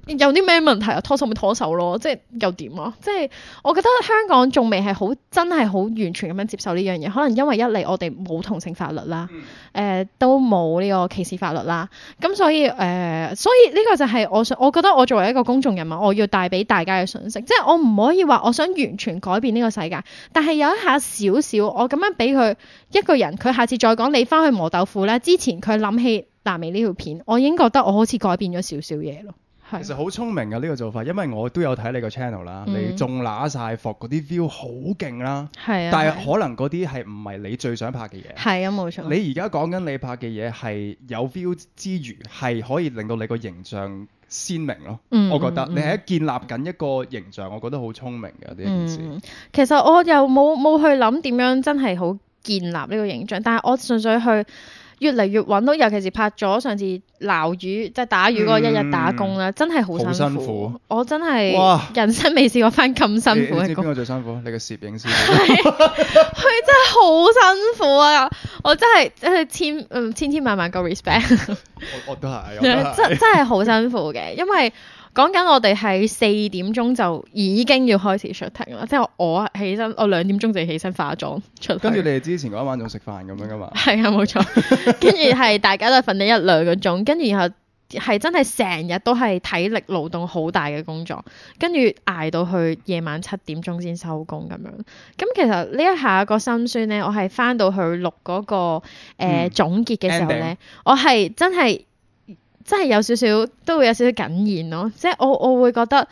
有啲咩問題啊？拖手咪拖手咯，即係又點啊？即係我覺得香港仲未係好真係好完全咁樣接受呢樣嘢，可能因為一嚟我哋冇同性法律啦，誒、嗯呃、都冇呢個歧視法律啦，咁所以誒，所以呢、呃、個就係我想，我覺得我作為一個公眾人物，我要帶俾大家嘅信息，即係我唔可以話我想完全改變呢個世界，但係有一下少少，我咁樣俾佢一個人，佢下次再講你翻去磨豆腐咧，之前佢諗起。娜美呢條片，我已經覺得我好似改變咗少少嘢咯。係其實好聰明嘅呢個做法，啊，因為我都有睇你個 channel 啦，嗯、你仲揦晒伏，嗰啲 view 好勁啦。係啊，但係可能嗰啲係唔係你最想拍嘅嘢？係啊，冇錯。你而家講緊你拍嘅嘢係有 view 之餘，係可以令到你個形象鮮明咯。嗯、我覺得你係建立緊一個形象，我覺得好聰明嘅呢件事。其實我又冇冇去諗點樣真係好建立呢個形象，但係我純粹去。越嚟越穩到，尤其是拍咗上次撈魚即係打魚嗰、嗯、一日打工啦，真係好辛苦。辛苦，我真係人生未試過返咁辛苦嘅工你。你知邊個最辛苦？你個攝影師佢 真係好辛苦啊！我真係真係千嗯千千萬萬個 respect。我我都係，真真係好辛苦嘅，因為。講緊我哋係四點鐘就已經要開始 shooting 啦，即係我起身，我兩點鐘就要起身化妝出去。跟住你哋之前嗰一晚仲食飯咁樣噶嘛？係啊，冇錯。跟住係大家都係瞓咗一兩個鐘，跟住然後係真係成日都係體力勞動好大嘅工作，跟住捱到去夜晚七點鐘先收工咁樣。咁其實呢一下個心酸咧，我係翻到去錄嗰、那個誒、呃嗯、總結嘅時候咧，End ing. 我係真係。真係有少少都會有少少緊現咯，即係我我會覺得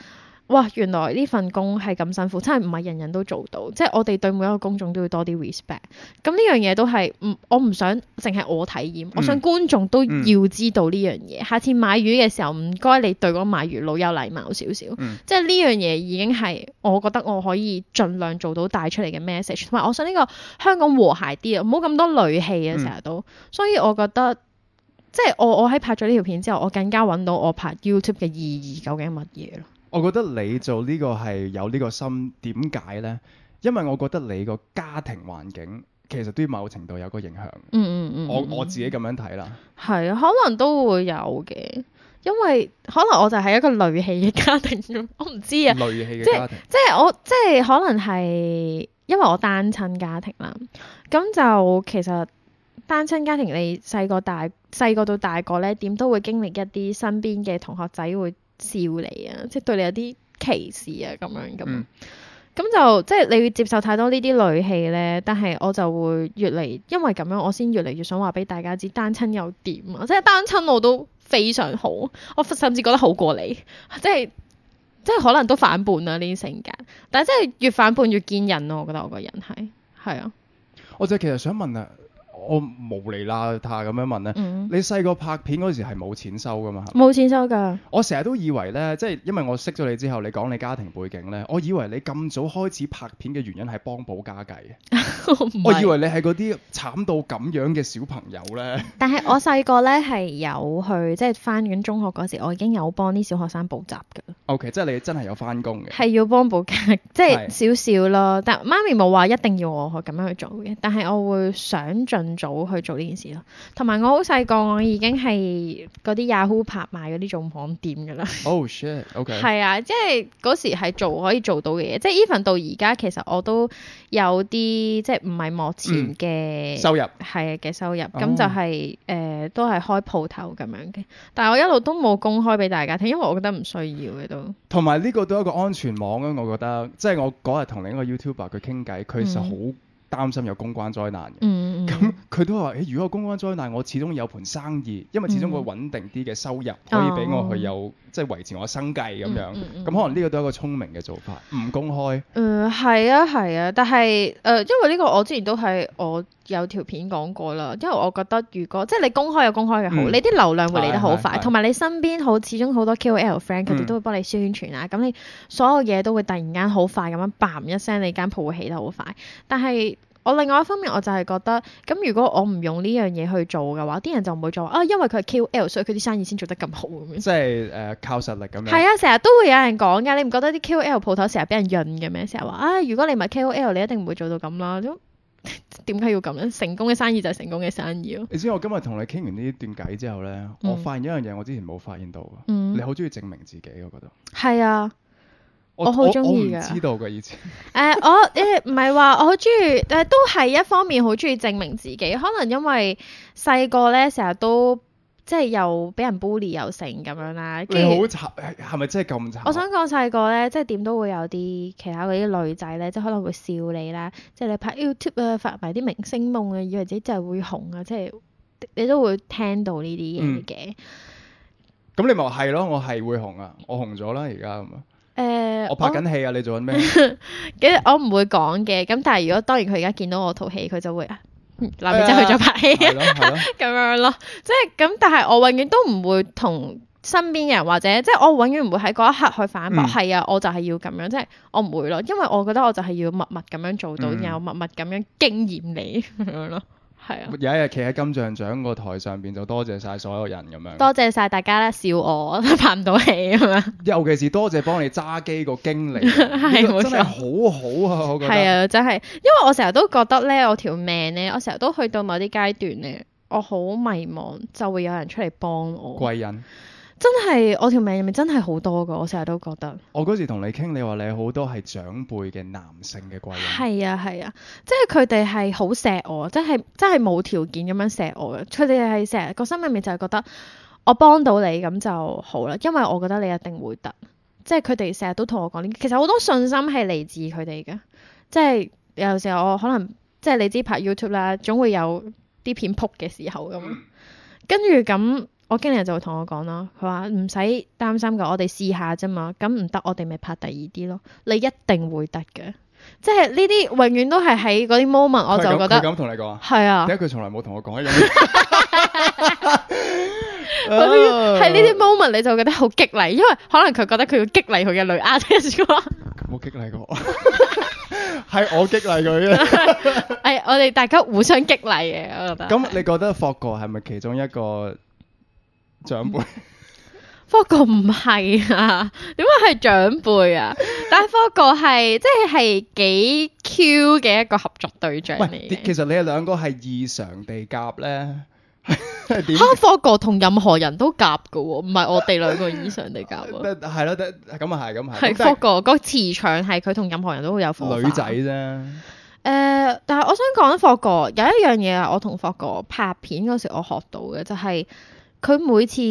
哇原來呢份工係咁辛苦，真係唔係人人都做到，即係我哋對每一個工種都要多啲 respect。咁呢樣嘢都係唔我唔想淨係我體驗，嗯、我想觀眾都要知道呢、嗯、樣嘢。下次買魚嘅時候，唔該你對個賣魚佬有禮貌少少，嗯、即係呢樣嘢已經係我覺得我可以盡量做到帶出嚟嘅 message。同埋我想呢、個香港和諧啲啊，唔好咁多戾氣啊，成日都。嗯、所以我覺得。即係我我喺拍咗呢條片之後，我更加揾到我拍 YouTube 嘅意義究竟係乜嘢咯？我覺得你做呢個係有呢個心，點解呢？因為我覺得你個家庭環境其實都某程度有個影響。嗯嗯，嗯嗯嗯。我我自己咁樣睇啦。係啊，可能都會有嘅，因為可能我就係一個淚戲嘅家庭啫。我唔知啊。淚戲嘅家庭。 啊、家庭即係我即係可能係因為我單親家庭啦，咁就其實。單親家庭你，你細個大細個到大個咧，點都會經歷一啲身邊嘅同學仔會笑你啊，即係對你有啲歧視啊咁樣咁啊。咁、嗯、就即係你要接受太多呢啲戾氣咧，但係我就會越嚟因為咁樣，我先越嚟越想話俾大家知單親又點啊！即係單親我都非常好，我甚至覺得好過你，即係即係可能都反叛啦呢啲性格，但係真係越反叛越堅忍咯，我覺得我個人係係啊。我就其實想問啊～我、哦、無釐啦，他咁樣問咧。嗯、你細個拍片嗰時係冇錢收㗎嘛？冇錢收㗎。我成日都以為咧，即、就、係、是、因為我識咗你之後，你講你家庭背景咧，我以為你咁早開始拍片嘅原因係幫補家計。 是我以為你係嗰啲慘到咁樣嘅小朋友咧。但係我細個咧係有去，即係翻完中學嗰時，我已經有幫啲小學生補習㗎。O、okay, K，即係你真係有翻工嘅。係要幫補家，即係少少咯。但係媽咪冇話一定要我去咁樣去做嘅，但係我會想盡，早去做呢件事咯，同埋我好細個，我已經係嗰啲 Yahoo 拍賣嗰啲種網店㗎喇。Oh shit! Okay，係啊，即係嗰時係做可以做到嘅嘢，即係 even 到而家，其實我都有啲即係唔係幕前嘅、嗯、收入，係嘅收入。咁、哦、就係、是、誒、呃，都係開鋪頭咁樣嘅。但係我一路都冇公開俾大家聽，因為我覺得唔需要嘅都。同埋呢個都係一個安全網啊，我覺得。即、就、係、是、我嗰日同另一個 YouTuber 佢傾偈，佢實好。嗯擔心有公關災難嘅，咁佢、嗯嗯、都話，誒、欸，如果有公關災難，我始終有盤生意，因為始終會穩定啲嘅收入、嗯、可以俾我去有，哦、即係維持我生計咁樣。咁、嗯嗯嗯、可能呢個都係一個聰明嘅做法，唔公開。嗯，係啊，係啊，但係，誒、呃，因為呢個我之前都係我，有條片講過啦，因為我覺得如果即係你公開有公開嘅好，嗯、你啲流量會嚟得好快，同埋、嗯、你身邊好始終好多 KOL friend，佢哋都會幫你宣傳啊，咁你所有嘢都會突然間好快咁樣，呯一聲，你間鋪會起得好快。但係我另外一方面我就係覺得，咁如果我唔用呢樣嘢去做嘅話，啲人就唔會做。啊，因為佢係 KOL 所以佢啲生意先做得咁好咁樣。即係誒靠實力咁樣。係啊，成日都會有人講嘅，你唔覺得啲 KOL 鋪頭成日俾人潤嘅咩？成日話啊，如果你唔係 KOL，你一定唔會做到咁啦。點解要咁樣？成功嘅生意就係成功嘅生意咯。你知我今日同你傾完呢段偈之後咧，嗯、我發現一樣嘢，我之前冇發現到。嗯。你好中意證明自己，嗯、我覺得。係啊。我好我我唔知道㗎以前。誒、呃，我誒唔係話我好中意，誒、呃、都係一方面好中意證明自己，可能因為細個咧成日都。即係又俾人 bully 又成咁樣啦，你好慘，係咪真係咁慘？是是慘，我想講細個咧，即係點都會有啲其他嗰啲女仔咧，即係可能會笑你啦，即係你拍 YouTube 啊，發埋啲明星夢啊，以為自己真係會紅啊，即係你都會聽到呢啲嘢嘅。咁、嗯、你咪話係咯，我係會紅啊，我紅咗啦而家咁啊。誒，呃、我拍緊戲啊，我你做緊咩？ 我唔會講嘅，咁但係如果當然佢而家見到我套戲，佢就會嗱，你、呃、即係去咗拍戲咁 樣咯，即係咁，但係我永遠都唔會同身邊人或者即係我永遠唔會喺嗰一刻去反駁，係啊、嗯，我就係要咁樣，即係我唔會咯，因為我覺得我就係要默默咁樣做到，嗯、然後默默咁樣驚豔你咁樣咯。係啊！有一日企喺金像獎個台上邊就多謝晒所有人咁樣。多謝晒大家咧，笑我拍唔到戲咁樣。尤其是多謝幫你揸機個經理，係真 是都冇錯，真好好啊，我覺得。係啊，真係，因為我成日都覺得咧，我條命咧，我成日都去到某啲階段咧，我好迷茫，就會有人出嚟幫我。貴人。真係，我條命入面真係好多㗎，我成日都覺得。我嗰時同你傾，你話你好多係長輩嘅男性嘅貴人。係啊係啊，即係佢哋係好錫我，即係真係冇條件咁樣錫我嘅。佢哋係成日個心入面就係覺得我幫到你咁就好啦，因為我覺得你一定會得。即係佢哋成日都同我講，其實好多信心係嚟自佢哋嘅。即係有時候我可能即係你知拍 YouTube 啦，總會有啲片撲嘅時候咁，跟住咁。我經理就會同我講啦，佢話唔使擔心噶，我哋試下啫嘛，咁唔得我哋咪拍第二啲咯。你一定會得嘅，即係呢啲永遠都係喺嗰啲 moment，我就覺得佢咁同你講係啊，點解佢從來冇同我講一樣？係呢啲 moment 你就覺得好激勵，因為可能佢覺得佢要激勵佢嘅女 artist！ 呢句話冇激勵過我，係我激勵佢啊！誒我哋大家互相激勵嘅，我覺得。咁 你覺得霍哥係咪其中一個？長輩，霍哥唔係啊？點解係長輩啊？但係霍哥係即係係幾 Q 嘅一個合作對象嚟。其實你哋兩個係異常地夾咧，點？哈！霍哥同任何人都夾噶喎，唔係 我哋兩個異常地夾啊。係咯、 嗯，咁啊係，咁、嗯、係。係霍、嗯嗯就是、哥嗰、那個、磁場係佢同任何人都會有。女仔啫。誒，但係我想講霍哥有一樣嘢，我同霍哥拍片嗰時，我學到嘅就係、是。佢每次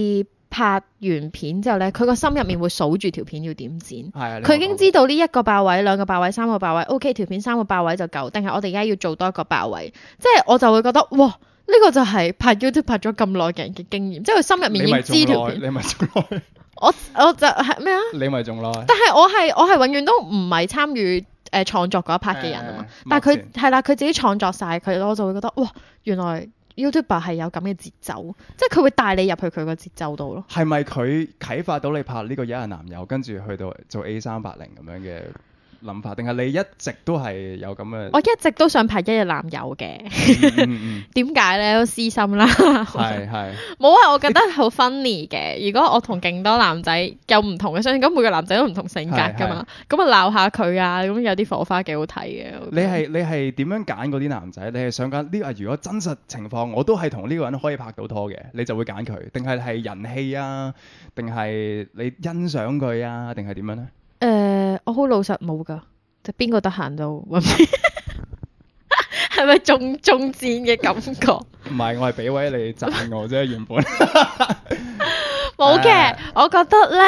拍完片之後咧，佢個心入面會數住條片要點剪。係。佢已經知道呢一個爆位、兩個爆位、三個爆位，OK，條片三個爆位就夠，定係我哋而家要做多一個爆位？即係我就會覺得，哇！呢、呢個就係拍 YouTube 拍咗咁耐嘅人嘅經驗，即係佢心入面已經知道條片。你咪仲耐？我我就係咩啊？你咪仲耐？但係我係我係永遠都唔係參與誒創作嗰一 part 嘅人啊嘛。哎哎、但係佢係啦，佢自己創作晒佢喇，我就會覺得，哇！原來。YouTuber 係有咁嘅節奏，即係佢會帶你入去佢個節奏度咯。係咪佢啟發到你拍呢個一日男友，跟住去到做 A380 咁樣嘅諗法定係你一直都係有咁嘅？我一直都想拍一日男友嘅，點解咧？都私心啦，係係。冇啊！我覺得好 funny 嘅。如果我同勁多男仔有唔同嘅，相咁每個男仔都唔同性格噶嘛。咁啊鬧下佢啊，咁有啲火花幾好睇嘅。你係你係點樣揀嗰啲男仔？你係想揀呢個？如果真實情況，我都係同呢個人可以拍到拖嘅，你就會揀佢，定係係人氣啊？定係你欣賞佢啊？定係點樣咧？我好老實冇㗎，就邊個得閒就揾，係咪中中箭嘅感覺？唔係，我係俾位你讚我啫，原本。冇嘅，我覺得呢，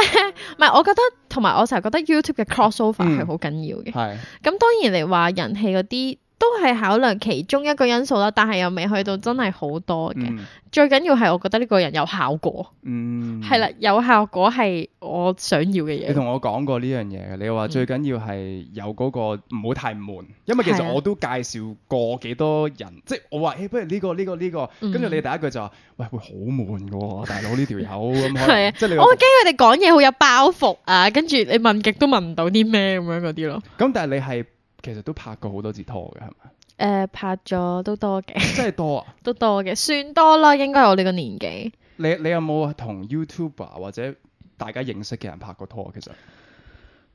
唔係我覺得，同埋我成日覺得 YouTube 嘅 crossover 係好緊要嘅。係。咁當然你話人氣嗰啲。都係考量其中一個因素啦，但係又未去到真係好多嘅。最緊要係我覺得呢個人有效果。嗯，係啦，有效果係我想要嘅嘢。你同我講過呢樣嘢嘅，你話最緊要係有嗰個唔好太悶，因為其實我都介紹過幾多人，即係我話誒，不如呢個呢個呢個，跟住你第一句就話，喂會好悶㗎喎，大佬呢條友咁，即係我驚佢哋講嘢好有包袱啊，跟住你問極都問唔到啲咩咁樣嗰啲咯。咁但係你係。其實都拍過好多次拖嘅，係咪？誒、呃，拍咗都多嘅。真係多啊！都多嘅，算多啦，應該我呢個年紀。你你有冇同 YouTuber 或者大家認識嘅人拍過拖，其實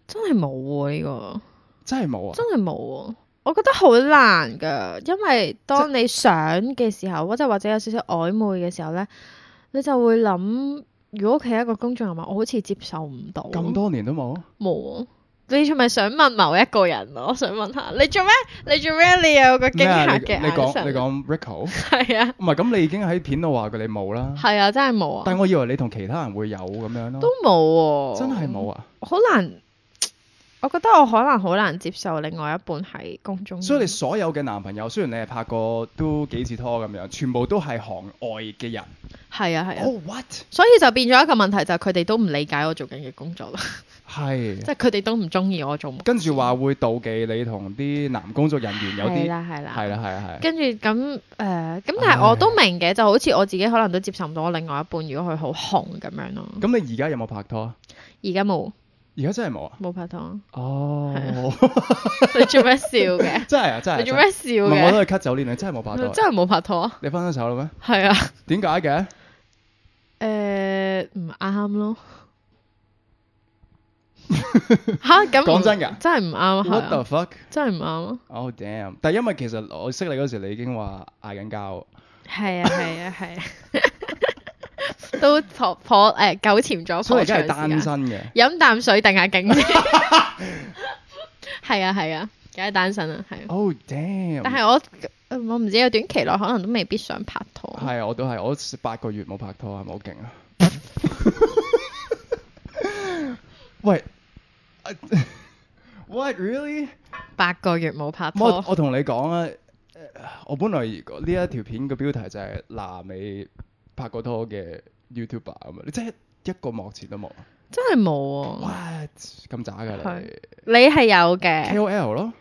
真係冇啊呢、這個。真係冇啊！真係冇。啊，我覺得好難噶，因為當你想嘅時候，即或者或者有少少曖昧嘅時候呢，你就會諗，如果佢係一個公眾人物，我好似接受唔到。咁多年都冇？冇、啊。你係咪想問某一個人？我想問下，你做咩？你做咩？你有個驚嚇嘅？你講你講 Rico？係啊。唔係咁，你已經喺片度話佢你冇啦。係啊，真係冇啊。但我以為你同其他人會有咁樣咯。都冇，真係冇啊！好、啊嗯、難，我覺得我可能好難接受另外一半喺公眾。所以你所有嘅男朋友，雖然你係拍過都幾次拖咁樣，全部都係行外嘅人。係啊係啊。啊 oh, what？所以就變咗一個問題，就係佢哋都唔理解我做緊嘅工作啦。係，即係佢哋都唔中意我做。跟住話會妒忌你同啲男工作人員有啲係啦，係啦，係啦，係啦，係。跟住咁誒，咁但係我都明嘅，就好似我自己可能都接受唔到我另外一半如果佢好紅咁樣咯。咁你而家有冇拍拖啊？而家冇。而家真係冇啊？冇拍拖。哦。你做咩笑嘅？真係啊，真係。你做咩笑？我都係 cut 酒臉，你真係冇拍拖。真係冇拍拖。你分咗手啦咩？係啊。點解嘅？誒，唔啱咯。吓，咁講真噶、啊，真係唔啱啊！真係唔啱啊 o、oh, damn！但係因為其實我識你嗰時，你已經話嗌緊交。係啊係啊係啊，啊啊 都妥妥誒糾纏咗。所 以真係單身嘅。飲啖水定下警戒。係啊係啊，梗係、啊、單身啊。係、oh, damn.。啊，oh damn！但係我我唔知有短期內可能都未必想拍拖。係啊，我都係，我八個月冇拍拖，係咪好勁啊？ 喂，What really？八個月冇拍拖？我同你講啊，我本來呢一條片嘅標題就係娜美拍過拖嘅 YouTuber 啊嘛。你真係一個幕前都冇？真係冇啊，What，咁渣㗎你？你係有嘅 KOL 咯，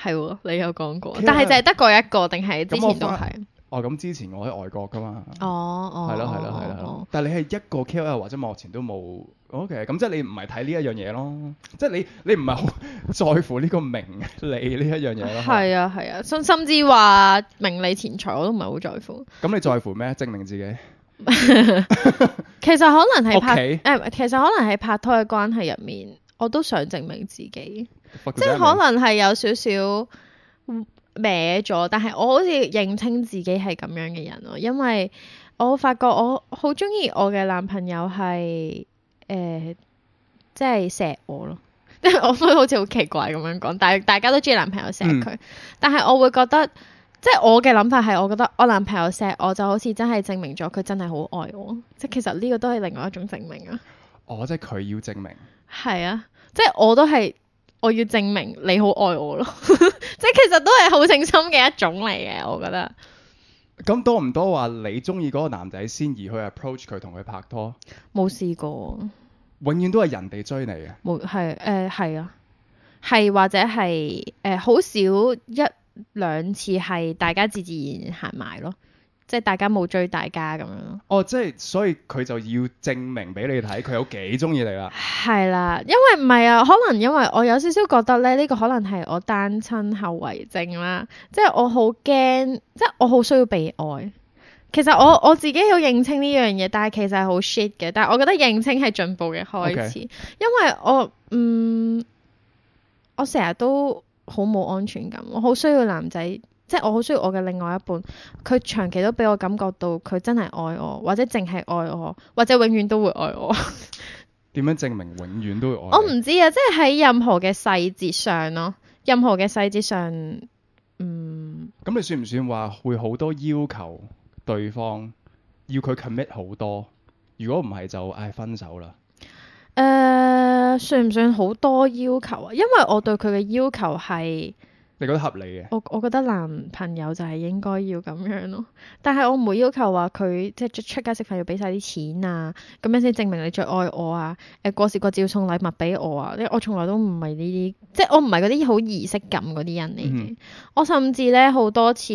係喎，啊，你有講過，KOL？但係就係得嗰一個定係之前都係。哦，咁之前我喺外國噶嘛，哦，係咯係咯係咯，但係你係一個 KOL 或者幕前都冇，OK，咁即係你唔係睇呢一樣嘢咯，即係你你唔係好在乎呢個名利呢一樣嘢咯。係啊係啊，甚甚至話名利錢財我都唔係好在乎。咁你在乎咩？證明自己。其實可能係拍誒，其實可能係拍拖嘅關係入面，我都想證明自己，即係可能係有少少，歪咗，但係我好似認清自己係咁樣嘅人咯，因為我發覺我好中意我嘅男朋友係誒，即係錫我咯，即 係我覺得好似好奇怪咁樣講，但係大家都中意男朋友錫佢，嗯、但係我會覺得，即係我嘅諗法係，我覺得我男朋友錫我就好似真係證明咗佢真係好愛我，即係其實呢個都係另外一種證明啊。哦，即係佢要證明。係啊，即係我都係。我要證明你好愛我咯， 即係其實都係好誠心嘅一種嚟嘅，我覺得、嗯。咁多唔多話你中意嗰個男仔先而去 approach 佢同佢拍拖？冇試過。永遠都係人哋追你嘅。冇，係誒係啊，係或者係誒好少一兩次係大家自自然行埋咯。即係大家冇追大家咁樣咯。哦，即係所以佢就要證明俾你睇佢有幾中意你啦。係 啦，因為唔係啊，可能因為我有少少覺得咧，呢、呢個可能係我單親後遺症啦。即係我好驚，即係我好需要被愛。其實我我自己好認清呢樣嘢，但係其實係好 shit 嘅。但係我覺得認清係進步嘅開始，Okay. 因為我嗯，我成日都好冇安全感，我好需要男仔。即係我好需要我嘅另外一半，佢長期都俾我感覺到佢真係愛我，或者淨係愛我，或者永遠都會愛我。點 樣證明永遠都會愛我？我我唔知啊，即係喺任何嘅細節上咯，任何嘅細節上，嗯。咁、嗯、你算唔算話會好多要求對方，要佢 commit 好多？如果唔係就嗌分手啦。誒、呃，算唔算好多要求啊？因為我對佢嘅要求係。你覺得合理嘅？我我覺得男朋友就係應該要咁樣咯，但係我唔會要求話佢即係出街食飯要俾晒啲錢啊，咁樣先證明你最愛我啊！誒過時過節要送禮物俾我啊！我從來都唔係呢啲，即係我唔係嗰啲好儀式感嗰啲人嚟嘅。嗯、我甚至咧好多次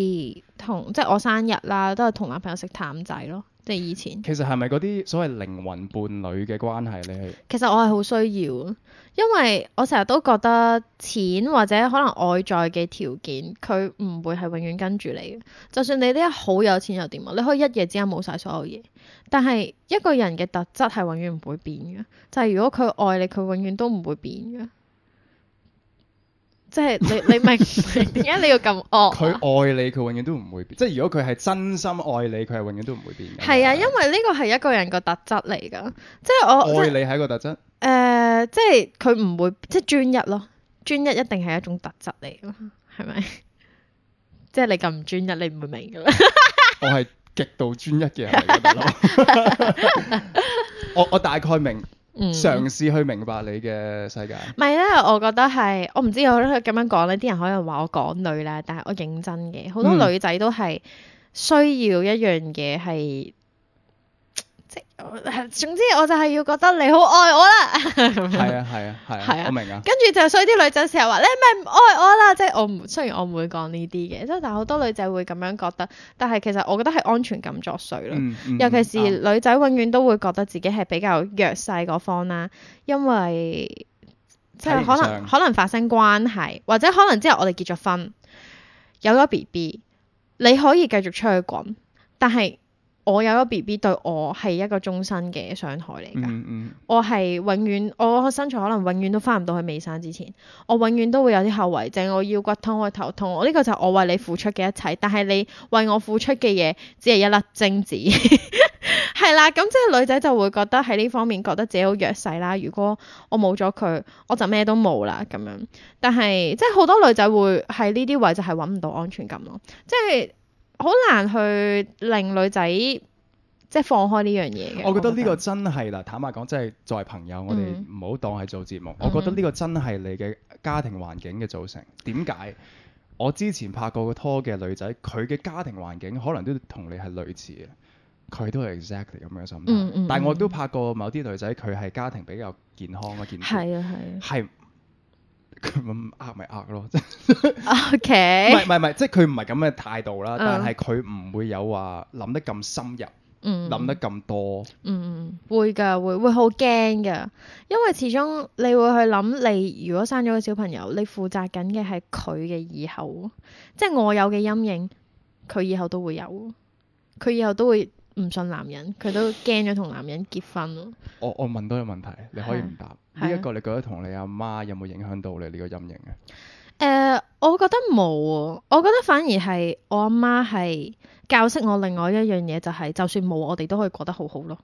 同即係我生日啦，都係同男朋友食淡仔咯。即係以前，其實係咪嗰啲所謂靈魂伴侶嘅關係咧？其實我係好需要，因為我成日都覺得錢或者可能外在嘅條件，佢唔會係永遠跟住你嘅。就算你呢一刻好有錢又點啊？你可以一夜之間冇晒所有嘢，但係一個人嘅特質係永遠唔會變嘅。就係如果佢愛你，佢永遠都唔會變嘅。即係你你明點解你要咁惡？佢愛你，佢永遠都唔會變。即係如果佢係真心愛你，佢係永遠都唔會變嘅。係啊的，就是、因為呢個係一個人嘅特質嚟㗎。即係我愛你係一個特質。誒、呃，即係佢唔會即係專一咯。專一一定係一種特質嚟㗎，係咪？即係你咁唔專一，你唔會明㗎啦。 我係極度專一嘅人嚟。 我我大概明。嘗試去明白你嘅世界，唔係咧，我覺得係，我唔知我咁樣講咧，啲人可能話我港女啦，但係我認真嘅，好多女仔都係需要一樣嘢係。總之我就係要覺得你好愛我啦。係啊係啊係啊，係啊係啊我明啊。跟住就所以啲女仔成日話你係咪唔愛我啦，即係我唔雖然我唔會講呢啲嘅，即係但係好多女仔會咁樣覺得。但係其實我覺得係安全感作祟咯，嗯嗯、尤其是女仔永遠都會覺得自己係比較弱勢嗰方啦，嗯、因為即係可能可能發生關係，或者可能之後我哋結咗婚，有咗 BB，你可以繼續出去滾，但係。我有咗 B B 對我係一個終身嘅傷害嚟噶、嗯嗯，我係永遠我身材可能永遠都翻唔到去未生之前，我永遠都會有啲後遺症，我腰骨痛，我頭痛，我、這、呢個就係我為你付出嘅一切，但係你為我付出嘅嘢只係一粒精子，係 啦，咁即係女仔就會覺得喺呢方面覺得自己好弱勢啦。如果我冇咗佢，我就咩都冇啦咁樣。但係即係好多女仔會喺呢啲位就係揾唔到安全感咯，即係。好難去令女仔即係放開呢樣嘢，我覺得呢個真係嗱，坦白講，即係作為朋友，我哋唔好當係做節目。嗯、我覺得呢個真係你嘅家庭環境嘅組成。點解、嗯、我之前拍過個拖嘅女仔，佢嘅家庭環境可能都同你係類似嘅，佢都係 exactly 咁樣心。嗯嗯、但係我都拍過某啲女仔，佢係家庭比較健康嘅，健係、嗯嗯、啊係。係。佢咪呃咪呃咯， 即係，OK，唔係唔係，即係佢唔係咁嘅態度啦，uh。但係佢唔會有話諗得咁深入，嗯、諗得咁多。嗯會會㗎，會會好驚㗎，因為始終你會去諗，你如果生咗個小朋友，你負責緊嘅係佢嘅以後，即係我有嘅陰影，佢以後都會有，佢以後都會。唔信男人，佢都驚咗同男人結婚咯。我我問多啲問題，你可以唔答。呢一、啊啊、個你覺得同你阿媽，媽有冇影響到你呢、呢個陰影啊？誒、呃，我覺得冇、啊、我覺得反而係我阿媽係教識我另外一樣嘢、就是，就係就算冇，我哋都可以過得好好咯。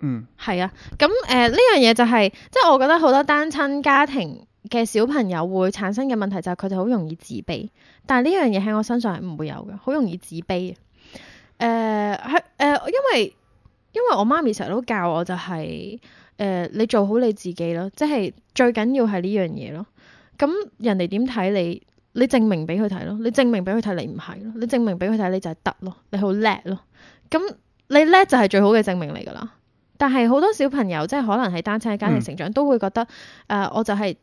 嗯。係啊，咁誒呢樣嘢就係、是，即、就、係、是、我覺得好多單親家庭嘅小朋友會產生嘅問題就係佢哋好容易自卑，但係呢樣嘢喺我身上係唔會有嘅，好容易自卑。誒，誒、呃呃，因為因為我媽咪成日都教我就係、是、誒、呃，你做好你自己咯，即係最緊要係呢樣嘢咯。咁人哋點睇你？你證明俾佢睇咯，你證明俾佢睇你唔係咯，你證明俾佢睇你就係得咯，你好叻咯。咁你叻就係最好嘅證明嚟噶啦。但係好多小朋友即係可能係單親嘅家庭成長，嗯、都會覺得誒、呃，我就係、是、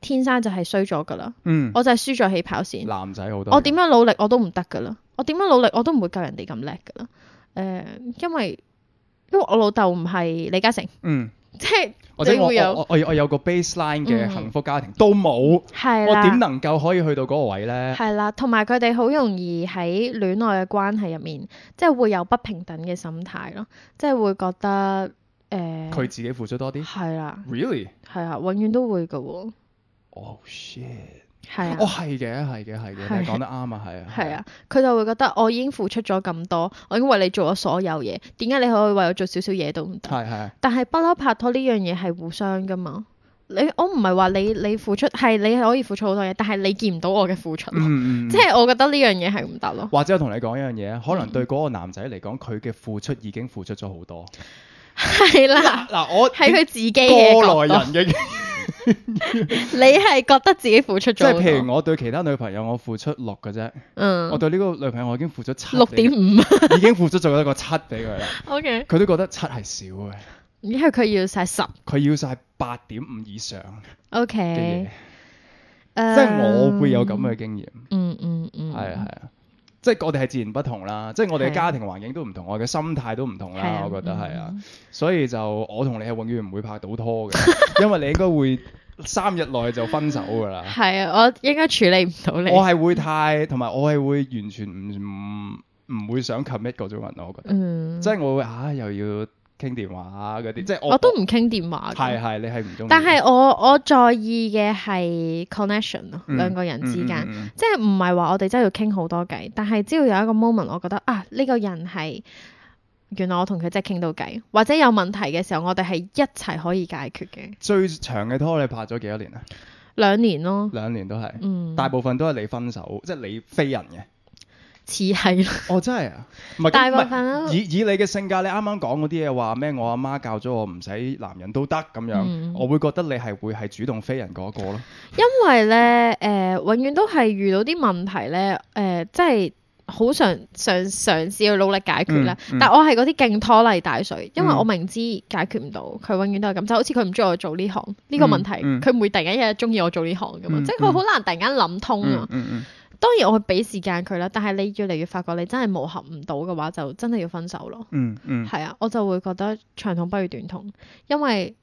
天生就係衰咗噶啦，嗯、我就係輸咗起跑綫。男仔好多，我點樣努力我都唔得噶啦。我點樣努力我都唔會夠人哋咁叻噶啦，誒、呃，因為因為我老豆唔係李嘉誠，嗯，即係你有我，我，我有個 baseline 嘅幸福家庭，嗯、都冇，係啦，我點能夠可以去到嗰個位咧？係啦，同埋佢哋好容易喺戀愛嘅關係入面，即係會有不平等嘅心態咯，即係會覺得誒，佢、呃、自己付出多啲，係啦，really，係啊，永遠都會咁喎，哦。Oh, shit. 哦，係嘅，係嘅，係嘅，你講得啱啊，係啊。係啊，佢就會覺得我已經付出咗咁多，我已經為你做咗所有嘢，點解你可以為我做少少嘢都唔得？係係。但係不嬲拍拖呢樣嘢係互相噶嘛？你我唔係話你你付出係你可以付出好多嘢，但係你見唔到我嘅付出。嗯嗯。即係我覺得呢樣嘢係唔得咯。或者我同你講一樣嘢，可能對嗰個男仔嚟講，佢嘅付出已經付出咗好多。係啦。嗱我係佢自己嘅。過來人嘅。你係覺得自己付出咗，即係譬如我對其他女朋友我付出六嘅啫，嗯，我對呢個女朋友我已經付出七，六點五，已經付出咗一個七俾佢啦。O K，佢都覺得七係少嘅，以後佢要晒十，佢要晒八點五以上。O K，即係我會有咁嘅經驗，嗯嗯嗯，係啊係啊，即係我哋係自然不同啦，即係我哋嘅家庭環境都唔同，我嘅心態都唔同啦，我覺得係啊，所以就我同你係永遠唔會拍到拖嘅，因為你應該會。三日內就分手㗎喇。係 啊，我應該處理唔到你。 我係會太，同埋我係會完全唔唔會想 commit 嗰種人咯，我覺得。嗯。即係我會啊，又要傾電話嗰啲，即係我。我都唔傾電話。係係，你係唔中意。但係我我在意嘅係 connection 咯、嗯，兩個人之間，嗯嗯嗯嗯、即係唔係話我哋真係要傾好多偈，但係只要有一個 moment，我覺得啊呢、呢個人係。原來我同佢即係傾到偈，或者有問題嘅時候，我哋係一齊可以解決嘅。最長嘅拖你拍咗幾多年啊？兩年咯。兩年都係，嗯、大部分都係你分手，即係你飛人嘅。似係。哦，真係啊！大部分啦。以以你嘅性格，你啱啱講嗰啲嘢話咩？我阿媽，媽教咗我唔使男人都得咁樣，嗯、我會覺得你係會係主動飛人嗰個咯。因為咧，誒、呃，永遠都係遇到啲問題咧，誒、呃，即係。好嘗嘗嘗試去努力解決啦，嗯嗯、但我係嗰啲勁拖泥帶水，因為我明知解決唔到，佢、嗯、永遠都係咁，就好似佢唔中意我做呢行呢、這個問題，佢唔、嗯嗯、會突然間一日中意我做呢行噶嘛，即係佢好難突然間諗通啊。嗯嗯嗯、當然我會俾時間佢啦，但係你越嚟越發覺你真係磨合唔到嘅話，就真係要分手咯、嗯。嗯係、嗯、啊，我就會覺得長痛不如短痛，因為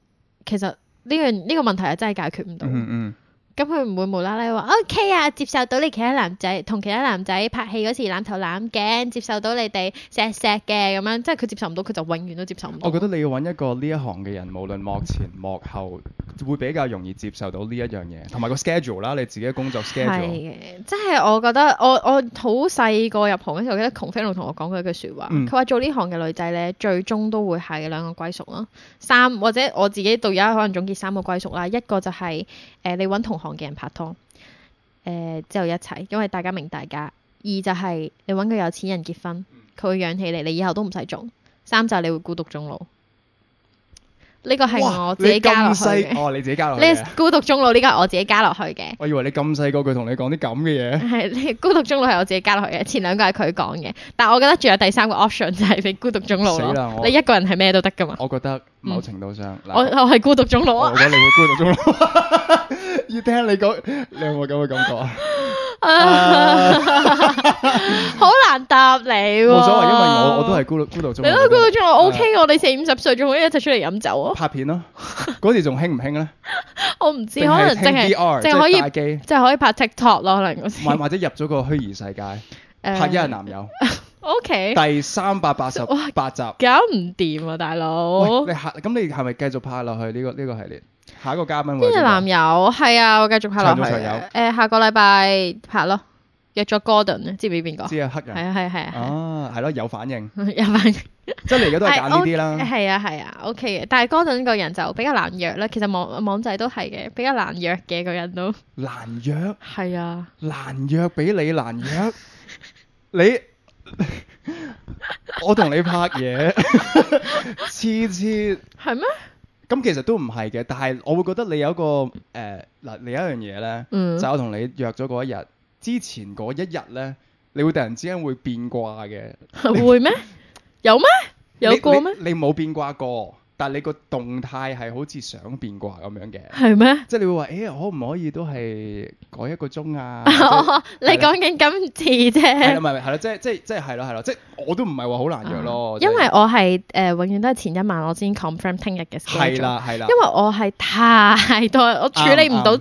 其實呢樣呢個問題係真係解決唔到。嗯嗯嗯嗯咁佢唔會無啦啦話 OK 啊，接受到你其他男仔同其他男仔拍戲嗰時攬頭攬頸，接受到你哋錫錫嘅咁樣，即係佢接受唔到，佢就永遠都接受唔到。我覺得你要揾一個呢一行嘅人，無論幕前幕後， 會比較容易接受到呢一樣嘢，同埋個 schedule 啦，你自己工作 schedule。嘅，即係我覺得我我好細個入行嗰時候，我記得窮飛龍同我講過一句説話，佢話、嗯、做行呢行嘅女仔咧，最終都會係兩個歸屬咯。三或者我自己到而家可能總結三個歸屬啦，一個就係、是、誒、呃、你揾同行嘅人拍拖，誒，之後一齊，因為大家明大家。二就係、是、你揾個有錢人結婚，佢會養起你，你以後都唔使做，三就係你會孤獨終老。呢個係我自己加落去嘅。哇！你咁細哦，你自己加落去嘅。呢孤獨終老呢個係我自己加落去嘅。 我以為你咁細個，佢同你講啲咁嘅嘢。係， 孤獨終老係我自己加落去嘅。前兩個係佢講嘅，但我覺得仲有第三個 option 就係、是、你孤獨終老咯。死啦！我你一個人係咩都得噶嘛？我覺得某程度上、嗯、 我我係孤獨終老啊！我覺得你會孤獨終老， 要聽你講，你有冇咁嘅感覺啊？ 好、uh, 難答你喎、啊，冇所謂，因為我我都係孤獨孤獨中，你都孤獨中，okay, uh, 我 OK 嘅，我哋四五十歲仲可以一齊出嚟飲酒啊！拍片咯、啊，嗰 時仲興唔興咧？ 我唔知即可、啊，可能淨係淨係可以拍機，即係可以拍 TikTok 咯，可能，或或者入咗個虛擬世界，拍一日男友。Uh, O Okay . K，第三百八十八集搞唔掂啊，大佬！你下咁你係咪繼續拍落去呢，這個呢，這個系列？下一個嘉賓會邊隻男友？係啊，我繼續拍落去。誒、呃，下個禮拜拍咯，約咗 Gordon，知唔知邊個？知啊，黑人。係啊，係啊，係啊。係咯、啊啊，有反應。 有反應。真係你而家都係揀呢啲啦。係 啊係，okay, 啊，O K 嘅。Okay, 但係 Gordon 個人就比較難約啦。其實網網仔都係嘅，比較難約嘅個人都。難約？係啊。難約比你難約， 你。 我同你拍嘢，次次係咩？咁嗎其實都唔係嘅，但係我會覺得你有一個誒，嗱、呃，另一樣嘢咧，嗯、就我同你約咗嗰一日之前嗰一日咧，你會突然之間會變卦嘅，係會咩？有咩？有過咩？你冇變卦過。但係你個動態係好似想變卦咁樣嘅，係咩？即係你會話，誒可唔可以都係改一個鐘啊？你講緊今次啫。係啦，咪係啦，即係即係即係係咯係咯，即係我都唔係話好難約咯。因為我係誒永遠都係前一晚我先 confirm 聽日嘅事。係啦係啦。因為我係太多，我處理唔到。